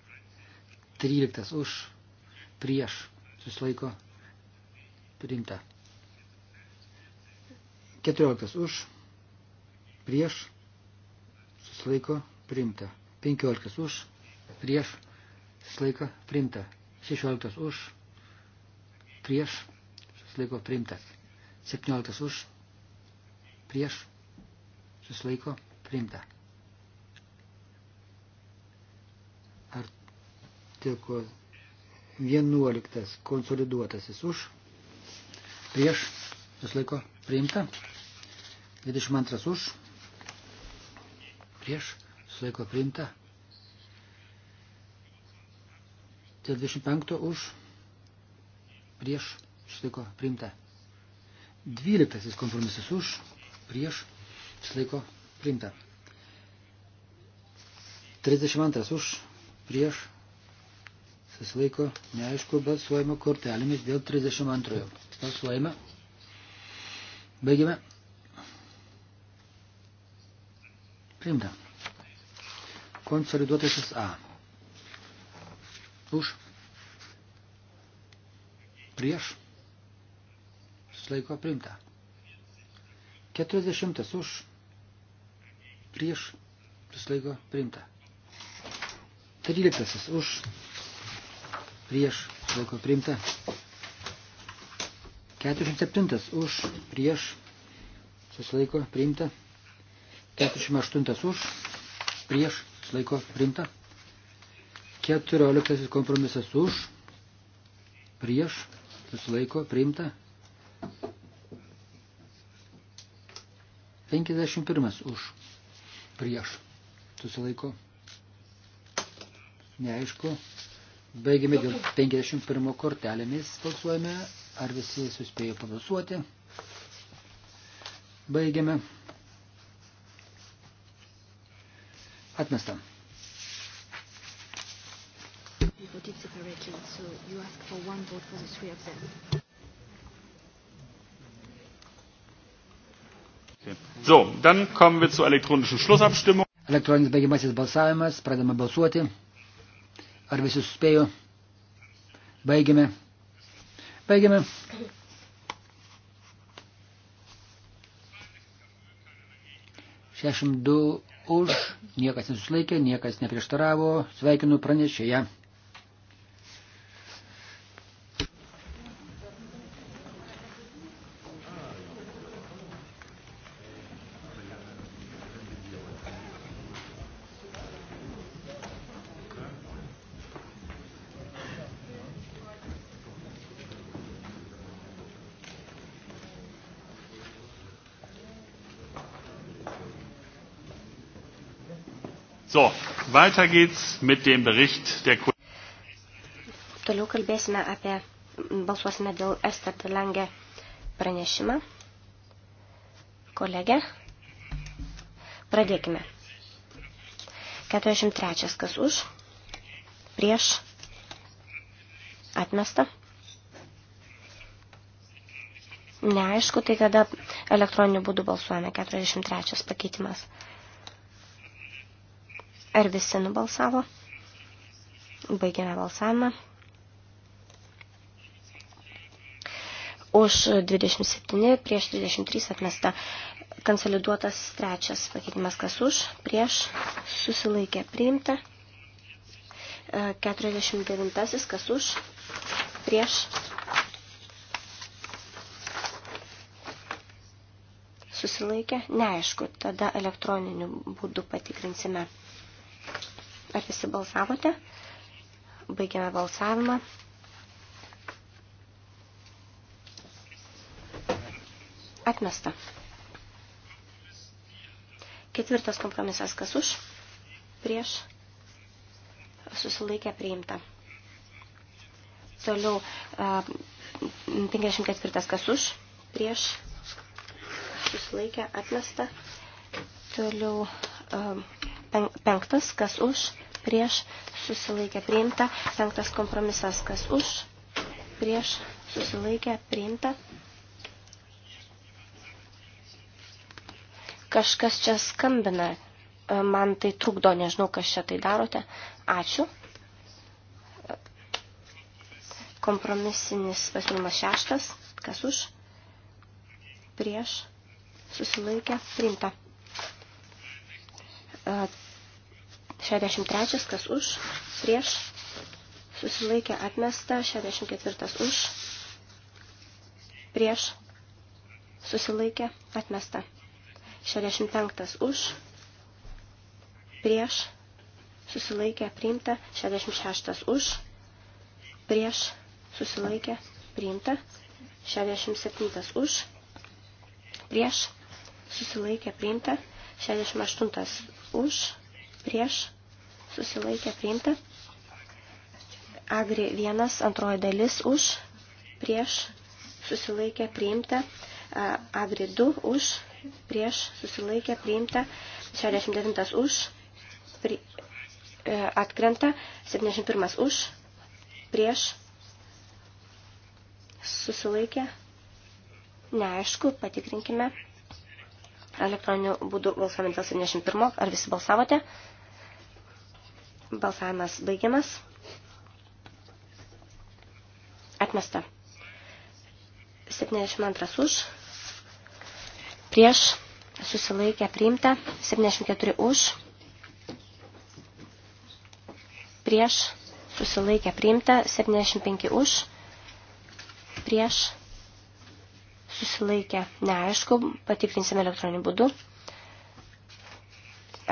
13 už, prieš, susilaiko, priimta. 14 už, prieš, susilaiko, priimta. 15 už, prieš, susilaiko, priimta. 16 už, prieš, susilaiko, priimta. 17 už, prieš, susilaiko, priimta. Tiko 11 konsoliduotasis už, prieš, jūs laiko priimta, 22 už, prieš, jūs laiko priimta, 25 už, prieš, jūs laiko priimta, 12 kompromisas už, prieš, jūs laiko priimta, 32 už, prieš, susilaiko, neaišku, balsuojame kortelėmis dėl 32. Balsuojame. Baigiame. Priimta. Konsoliduotasis A. Už. Prieš. Susilaiko priimta. 40 už. Prieš. Susilaiko priimta. 13 už prieš laiko priimta. 47 už prieš susilaiko priimta. 48 už prieš susilaiko priimta. 14 kompromisas už prieš susilaiko priimta. 51 už prieš susilaiko. Neaišku, Baigėme dėl 51 kortelėmis balsuojame. Ar visi suspėjo pabalsuoti? Baigėme. Atmestam. voted separately, so you ask for one vote for the three of them. So, dann kommen wir zur elektronischen Schlussabstimmung. Elektroninis baigiamasis balsavimas, pradame balsuoti. Ar visi suspėjo? Baigiame. Baigiame. Šešim du už, niekas nesusilaikė, niekas neprieštaravo, sveikinu pranešėją. So, weiter geht's mit dem Bericht der Toliau kalbėsime apie, balsuosime dėl Ester Delange pranešimą. Kolegė, pradėkime. 43. Kas už? Prieš? Atmesta? Neaišku, tai kada elektroniniu būdu balsuojame. 43. pakeitimas. Ar visi nubalsavo? Baigėme balsavimą. Už 27, prieš 23 atmesta konsoliduotas trečias pakeitimas, kas už, prieš, susilaikė priimta. 49, e, kas už, prieš, susilaikė, neaišku, tada elektroniniu būdu patikrinsime. Ar visi balsavote? Baigiame balsavimą. Atmesta. Ketvirtas kompromisas. Kas už? Prieš. Susilaikę priimta. Toliau 54. Kas už? Prieš. Susilaikę atmesta. Toliau penktas. Kas už? prieš, susilaikė priimta. Penktas kompromisas, kas už, prieš, susilaikė priimta. Kažkas čia skambina, e, man tai trukdo, nežinau, kas čia tai darote. Ačiū. Kompromisinis pasiūlymas šeštas, kas už, prieš, susilaikė priimta. E, 63 kas už, prieš, susilaikė atmesta, 64 už, prieš, susilaikė atmesta, 65 už, prieš, susilaikė priimta, 66 už, prieš, susilaikė priimta, 67 už, prieš, susilaikė priimta, 68 už, prieš, susilaikė priimta. Agri 1, antroji dalis už, prieš, susilaikė priimta. Agri 2 už, prieš, susilaikė priimta. 69 už, pri, e, atkrenta. 71 už, prieš, susilaikė. Neaišku, patikrinkime. Elektroniniu būdu balsuojame dėl 71. Ar visi balsavote? Balsavimas baigiamas. Atmesta. 72 už. Prieš. Susilaikę priimta. 74 už. Prieš. Susilaikę priimta. 75 už. Prieš susilaikė, neaišku, patikrinsime elektroniniu būdu.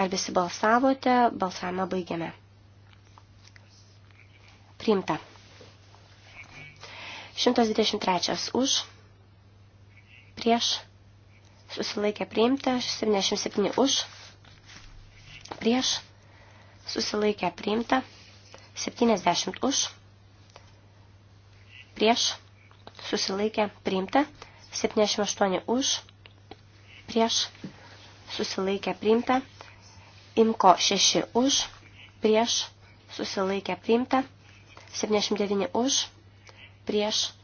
Ar visi balsavote, balsavimą baigiame. Priimta. 123 už, prieš, susilaikė priimta, 77 už, prieš, susilaikė priimta, 70 už, prieš, susilaikė priimta, 78 už, prieš, susilaikę priimta, imko 6 už, prieš, susilaikę priimta, 79 už, prieš,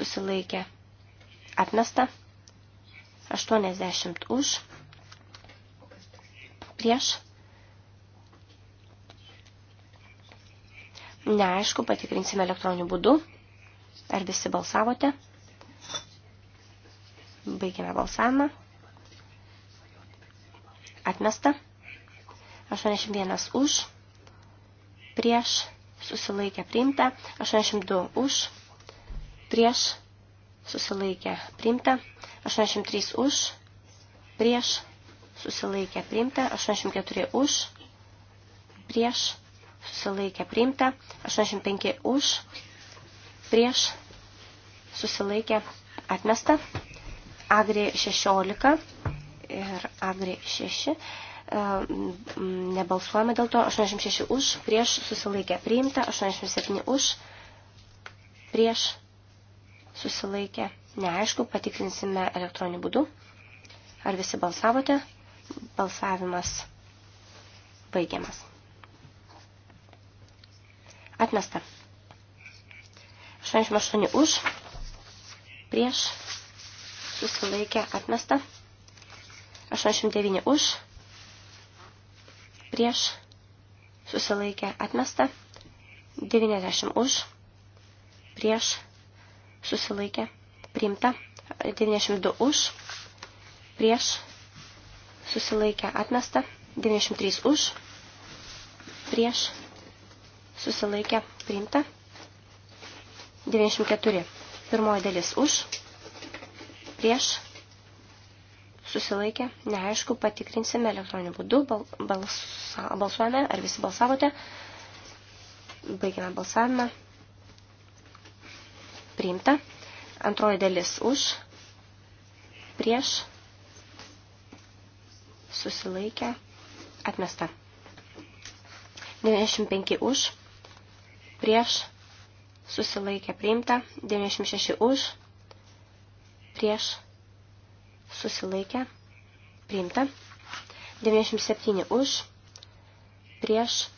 susilaikę atmesta, 80 už, prieš, neaišku, patikrinsime elektroniniu būdu, ar visi balsavote. Baigiame balsavimą. Atmesta. 81 už. Prieš. Susilaikė priimta. 82 už. Prieš. Susilaikė priimta. 83 už. Prieš. Susilaikė priimta. 84 už. Prieš. Susilaikė priimta. 85 už. Prieš. Susilaikė atmesta. Agri 16 ir Agri 6. E, nebalsuojame dėl to. 86 už, prieš susilaikė priimta, 87 už, prieš susilaikė. Neaišku, patikrinsime elektroniniu būdu. Ar visi balsavote? Balsavimas baigiamas. Atmesta. 88 už, prieš susilaikė atmesta. 89 už, prieš, susilaikė atmesta. 90 už, prieš, susilaikė priimta. 92 už, prieš, susilaikė atmesta. 93 už, prieš, susilaikė priimta. 94. Pirmoji dalis už, prieš, susilaikė, neaišku, patikrinsime elektroniniu būdu, balsa, balsuojame, ar visi balsavote, baigiame balsavimą, priimta, antroji dalis už, prieš, susilaikė, atmesta, 95 už, prieš, susilaikė, priimta, 96 už, prieš susilaikę priimta. 97 už prieš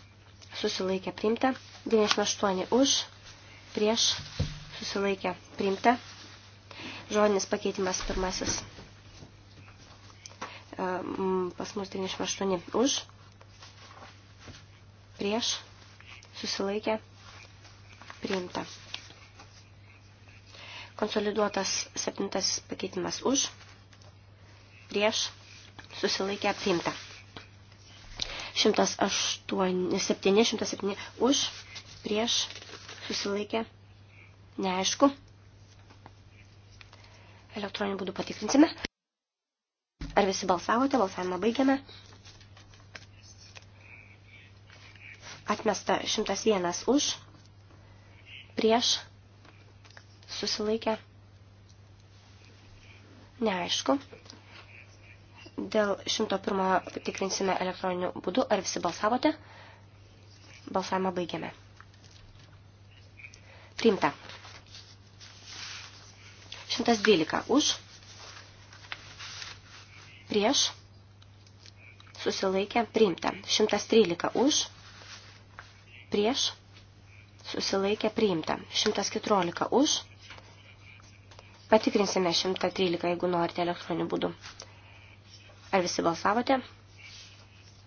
susilaikę priimta. 98 už prieš susilaikę priimta. Žodinis pakeitimas pirmasis. E, pas mus 98 už prieš susilaikę priimta. Konsoliduotas septintasis pakeitimas už, prieš, susilaikė priimta. 107, 107 už, prieš, susilaikė, neaišku. Elektroniniu būdu patikrinsime. Ar visi balsavote? Balsavimą baigiame. Atmesta 101 už, prieš, susilaikė. Neaišku. Dėl 101 tikrinsime elektroniniu būdu. Ar visi balsavote? Balsavimą baigiame. Priimta. 112 už. Prieš. Susilaikė. Priimta. 113 už. Prieš. Susilaikė. Priimta. 114 už. Patikrinsime 113, jeigu norite elektroniniu būdu. Ar visi balsavote?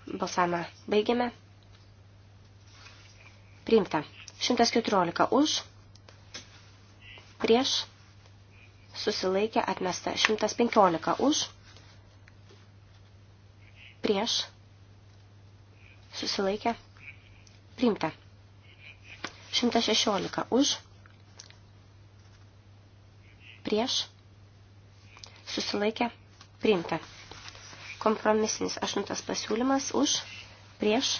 Balsavimą baigėme. Priimta. 114 už, prieš, susilaikė atmesta. 115 už, prieš, susilaikė, priimta. 116 už, prieš prieš, susilaikė, priimta. Kompromisinis aštuntas pasiūlymas už, prieš,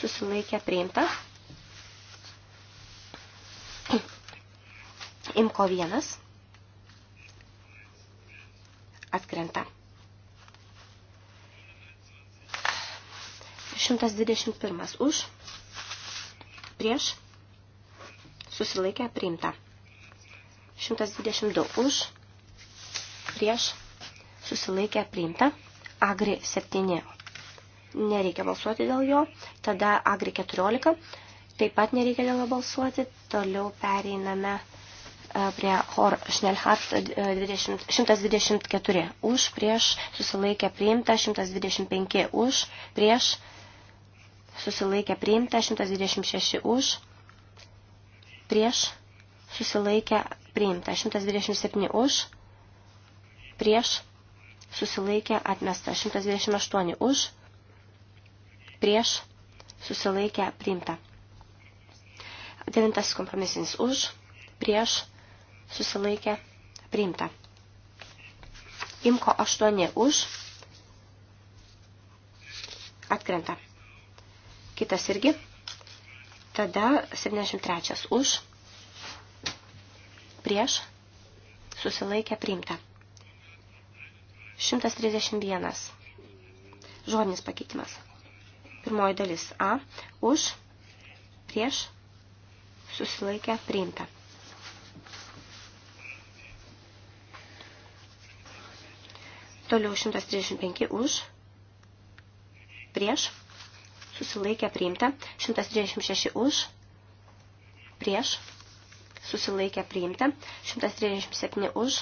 susilaikė, priimta. Imko vienas atkrenta. 121 už, prieš, susilaikę priimta. 122 už, prieš, susilaikę priimta, agri 7, nereikia balsuoti dėl jo, tada agri 14, taip pat nereikia dėl jo balsuoti, toliau pereiname e, prie Hor Schnellhardt 124 e, už, prieš, susilaikę priimta, 125 už, prieš, susilaikę priimta, 126 už, prieš, susilaikę priimta. 127 už, prieš, susilaikė, atmesta. 128 už, prieš, susilaikė, priimta. Devintas kompromisinis už, prieš, susilaikė, priimta. Imko 8 už, atkrenta. Kitas irgi. Tada 73 už, prieš, susilaikė priimta. 131. Žodinis pakeitimas. Pirmoji dalis A. Už, prieš, susilaikė priimta. Toliau 135 už, prieš, susilaikė priimta, 136 už, prieš, susilaikė priimta, 137 už,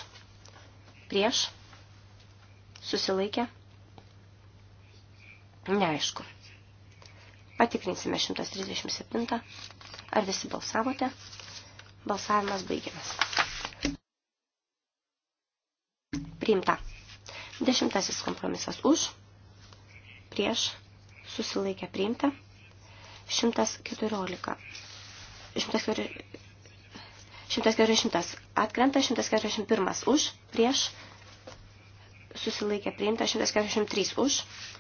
prieš, susilaikė, neaišku. Patikrinsime 137, ar visi balsavote, balsavimas baigiamas. Priimta. Dešimtasis kompromisas už, prieš, susilaikė priimta, 114. 114 140 atkrenta, 141 už, prieš, susilaikė priimta, 143 už,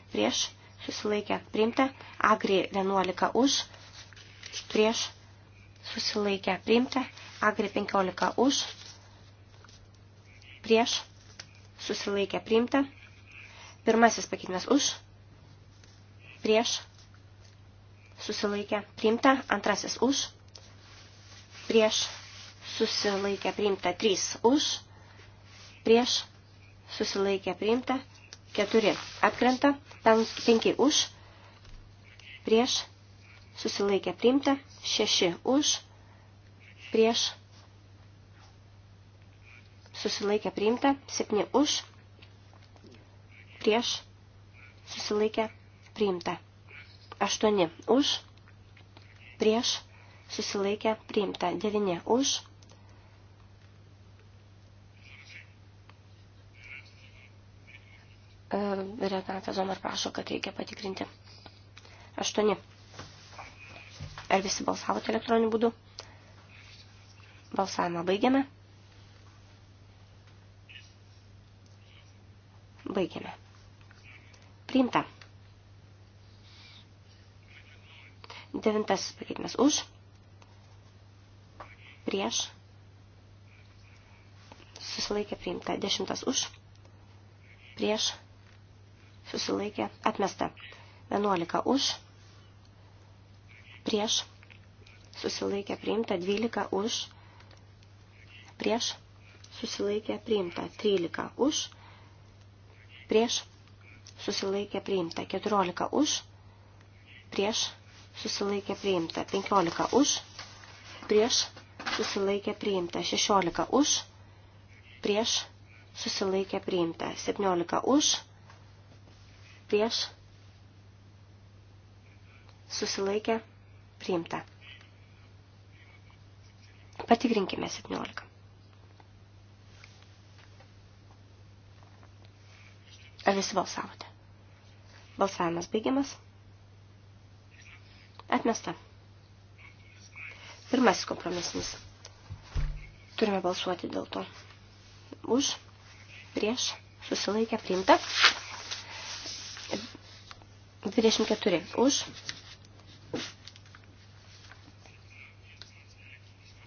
prieš, susilaikė priimta, agri 11 už, prieš, susilaikė priimta, agri 15 už, prieš, susilaikė priimta, pirmasis pakeitimas už, prieš, susilaikė priimta, antrasis už, prieš, susilaikė priimta 3 už, prieš susilaikė priimta 4 atkrenta, 5 už, prieš susilaikė priimta 6 už, prieš susilaikė priimta 7 už, prieš susilaikė priimta 8 už, prieš susilaikė priimta 9 už, E, Renata Zomer prašo, kad reikia patikrinti. Aštuoni. Ar visi balsavote elektroniniu būdu? Balsavimą baigiame. Baigiame. Priimta. Devintasis pakeitimas už. Prieš. Susilaikė priimta. Dešimtas už. Prieš. Prieš susilaikė, atmesta. 11 už, prieš, susilaikė, priimta. 12 už, prieš, susilaikė, priimta. 13 už, prieš, susilaikė, priimta. 14 už, prieš, susilaikė, priimta. 15 už, prieš, susilaikė, priimta. 16 už, prieš, susilaikė, priimta. 17 už, prieš, susilaikė, priimta. 17 už, prieš, susilaikė, priimta. Patikrinkime 17. Ar visi balsavote? Balsavimas baigiamas. Atmesta. Pirmasis kompromisinis. Turime balsuoti dėl to. Už, prieš, susilaikę, priimta. Priimta. 24 už.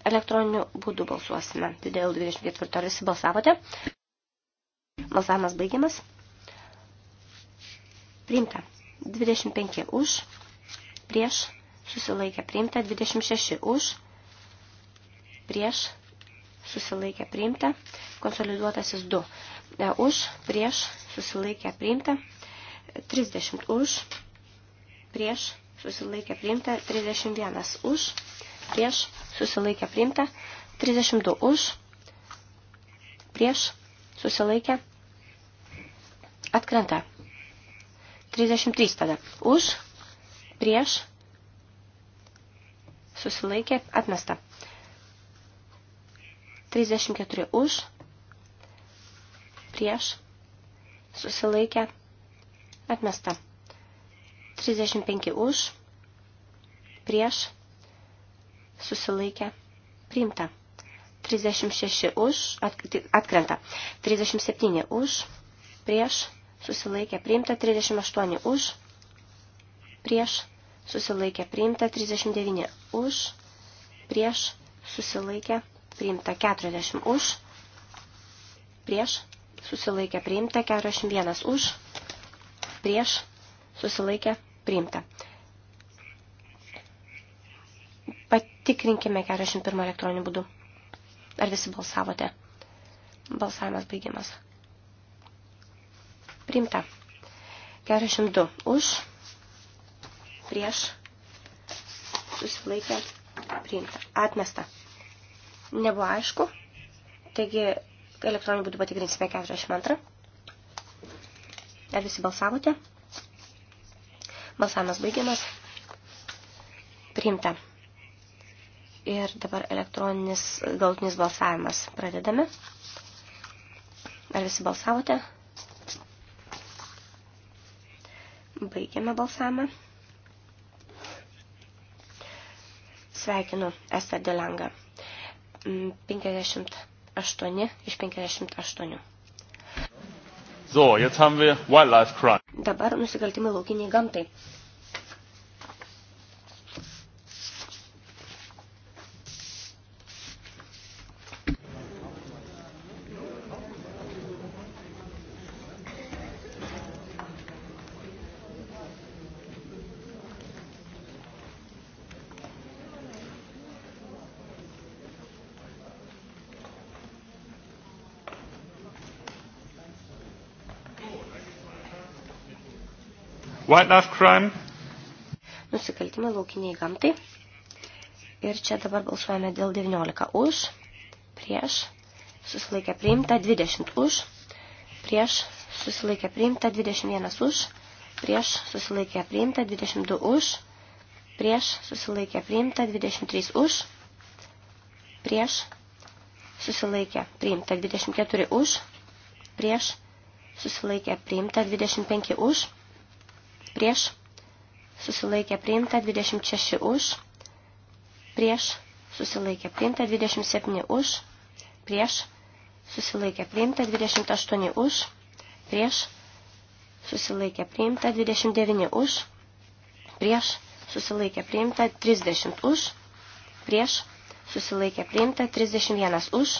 Elektroniniu būdu balsuosime. Tai dėl 24 ar visi balsavote. Balsavimas baigiamas. Priimta. 25 už. Prieš. Susilaikė priimta. 26 už. Prieš. Susilaikė priimta. Konsoliduotasis 2. E, už. Prieš. Susilaikė priimta. 30 už, prieš, susilaikė priimta, 31 už, prieš, susilaikė priimta, 32 už, prieš, susilaikė, atkrenta. 33 tada, už, prieš, susilaikė, atmesta. 34 už, prieš, susilaikė, atmesta Atmesta. 35 už, prieš, susilaikę, priimta. 36 už, atkrenta. 37 už, prieš, susilaikė priimta. 38 tai už, prieš, susilaikė priimta. 39 už, prieš, susilaikė priimta. 40 už, prieš, susilaikė priimta. 41 už, prieš, susilaikė, priimta. Patikrinkime 41 elektroniniu būdu. Ar visi balsavote? Balsavimas baigiamas. Priimta. 42 už, prieš, susilaikė, priimta. Atmesta. Nebuvo aišku, taigi elektroniniu būdu patikrinsime 42. Ar visi balsavote? Balsavimas baigiamas. Priimta. Ir dabar elektroninis galutinis balsavimas. Pradedame. Ar visi balsavote? Baigiame balsavimą. Sveikinu Estą Delangą. 58 mm, iš 58. So, jetzt haben wir wildlife crime. Dabar nusikaltimai laukiniai gamtai. wildlife crime. Nusikaltimai laukiniai gamtai. Ir čia dabar balsuojame dėl 19 už, prieš, susilaikė priimta 20 už, prieš, susilaikė priimta 21 už, prieš, susilaikė priimta 22 už, prieš, susilaikė priimta 23 už, prieš, susilaikė priimta 24 už, prieš, susilaikė priimta 25 už, prieš, susilaikė priimta 26 už, prieš, susilaikė priimta 27 už, prieš, susilaikė priimta 28 už, prieš, susilaikė priimta 29 už, prieš, susilaikė priimta 30 už, prieš, susilaikė priimta 31 už,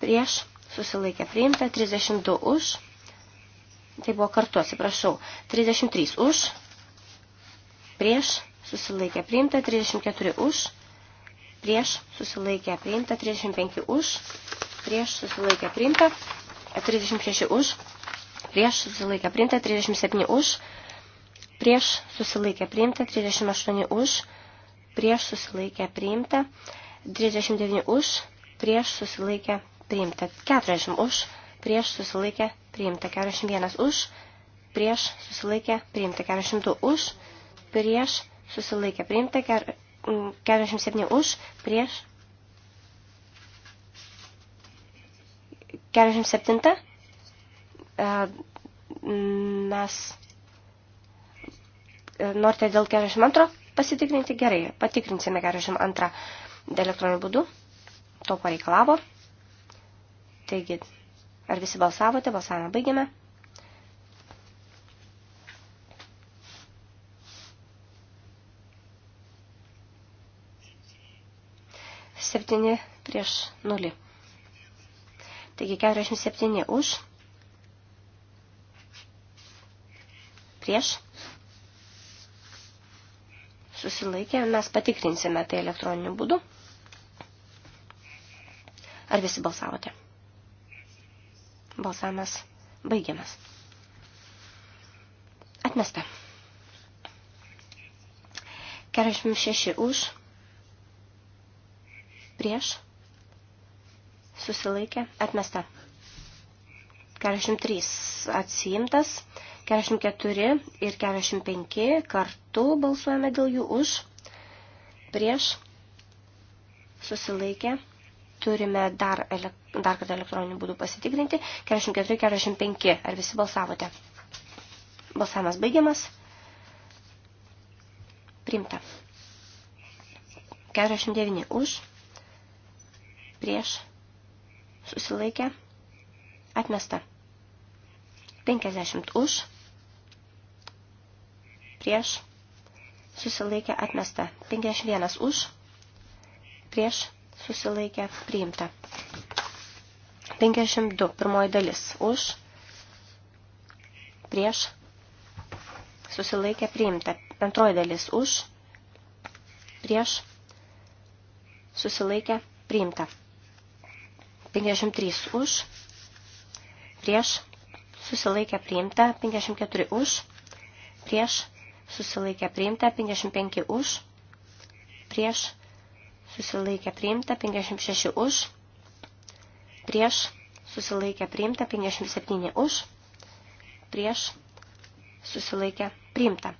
prieš, susilaikė priimta 32 už, Tai buvo kartu, atsiprašau. 33 už, prieš, susilaikė priimta, 34 už, prieš, susilaikė priimta, 35 už, prieš, susilaikė priimta, 36 už, prieš, susilaikė priimta, 37 už, prieš, susilaikė priimta, 38 už, prieš, susilaikė priimta, 39 už, prieš, susilaikė priimta, 40 už, prieš, susilaikė priimta priimta 41 už, prieš susilaikė priimta 42 už, prieš susilaikė priimta 47 mm, už, prieš 47 e, mes e, norite dėl 42 pasitikrinti gerai, patikrinsime 42 elektroniniu būdu, to pareikalavo. Taigi, Ar visi balsavote? Balsavimą baigiame. Septyni prieš nulį. Taigi 47 už. Prieš. Susilaikė, mes patikrinsime tai elektroniniu būdu. Ar visi balsavote? Balsavimas baigiamas. Atmesta. 46 už. Prieš. Susilaikė. Atmesta. 43 atsiimtas. 44 ir 45 kartu balsuojame dėl jų už. Prieš. Susilaikė. Turime dar elektroninį dar kartą elektroniniu būdu pasitikrinti. 44-45. Ar visi balsavote? Balsavimas baigiamas. Primta. 49 už. Prieš. Susilaikė. Atmesta. 50 už. Prieš. Susilaikė atmesta. 51 už. Prieš. Susilaikė priimta. 52. Pirmoji dalis. Už. Prieš. Susilaikė priimta. Antroji dalis. Už. Prieš. Susilaikė priimta. 53. Už. Prieš. Susilaikė priimta. 54. Už. Prieš. Susilaikė priimta. 55. Už. Prieš. Susilaikė priimta. 56. Už prieš, susilaikę priimta, 57 už, prieš, susilaikę priimta,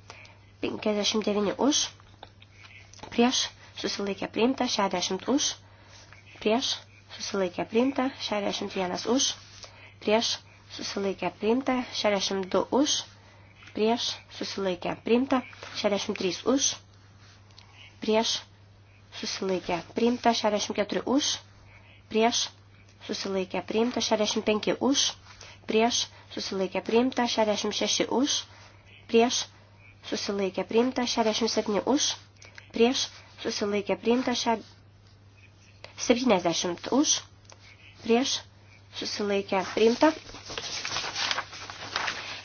59 už, prieš, susilaikę priimta, 60 už, prieš, susilaikę priimta, 61 už, prieš, susilaikę priimta, 62 už, prieš, susilaikę priimta, 63 už, prieš, susilaikę priimta, 64 už, prieš, susilaikė priimta 65 už, prieš susilaikė priimta 66 už, prieš susilaikė priimta 67 už, prieš susilaikė priimta 70 už, prieš susilaikė priimta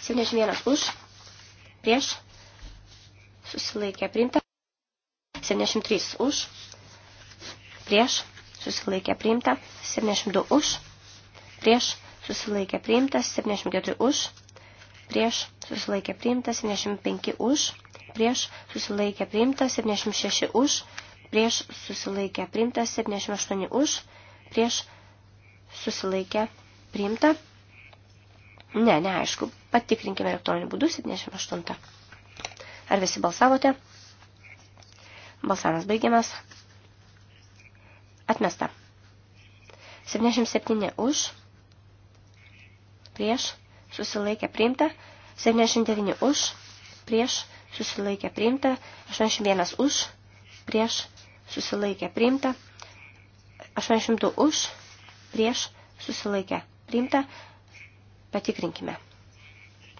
71 už, prieš susilaikė priimta 73 už, prieš susilaikė priimta, 72 už, prieš susilaikė priimta, 74 už, prieš susilaikė priimta, 75 už, prieš susilaikė priimta, 76 už, prieš susilaikė priimta, 78 už, prieš susilaikė priimta. Ne, neaišku, patikrinkime elektroniniu būdu 78. Ar visi balsavote? Balsavimas baigiamas. Atmesta. 77 už. Prieš. Susilaikė priimta. 79 už. Prieš. Susilaikė priimta. 81 už. Prieš. Susilaikė priimta. 82 už. Prieš. Susilaikė priimta. Patikrinkime.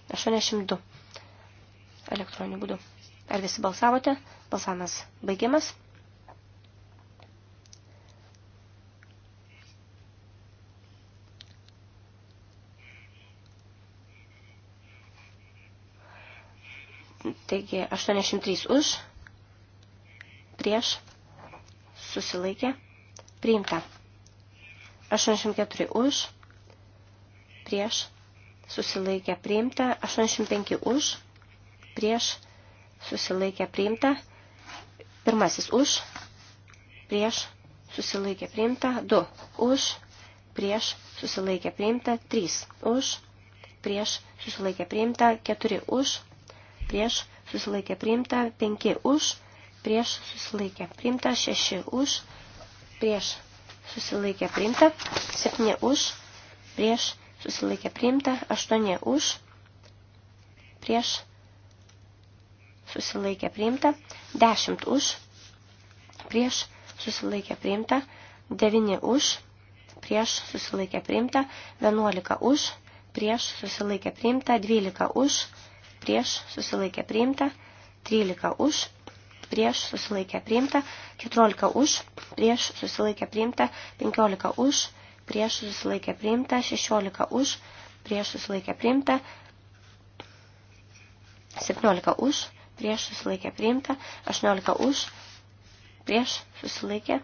82. Elektroniniu būdu. Ar visi balsavote? Balsavimas baigiamas. Taigi 83 už, prieš, susilaikė, priimta. 84 už, prieš, susilaikė, priimta. 85 už, prieš, susilaikė, priimta. Pirmasis už, prieš, susilaikė, priimta. 2 už, prieš, susilaikė, priimta. 3 už, prieš, susilaikė, priimta. 4 už, prieš, susilaikė priimta, 5 už, prieš susilaikė priimta, 6 už, prieš susilaikė priimta, 7 už, prieš susilaikė priimta, 8 už, prieš susilaikė priimta, 10 už, prieš susilaikė priimta, 9 už, prieš susilaikė priimta, 11 už, prieš susilaikė priimta, 12 už, prieš susilaikė priimta, 13 už, prieš susilaikė priimta, 14 už, prieš susilaikė priimta, 15 už, prieš susilaikė priimta, 16 už, prieš susilaikė priimta, 17 už, prieš susilaikė priimta, 18 už, prieš susilaikė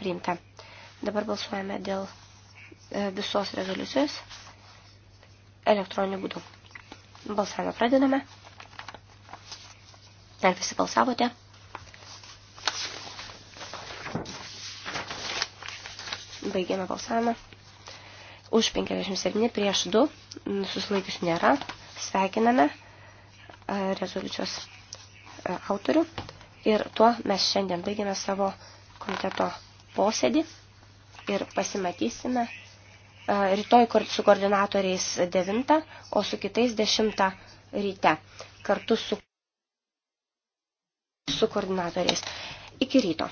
priimta. Dabar balsuojame dėl e, visos rezoliucijos elektroniniu būdu. Balsavimą pradedame. Ar visi balsavote? Baigėme balsavimą. Už 57 prieš 2 susilaikius nėra. Sveikiname e, rezoliucijos e, autorių. Ir tuo mes šiandien baigėme savo komiteto posėdį ir pasimatysime rytoj su koordinatoriais 9, o su kitais 10 ryte, kartu su, su koordinatoriais. Iki ryto.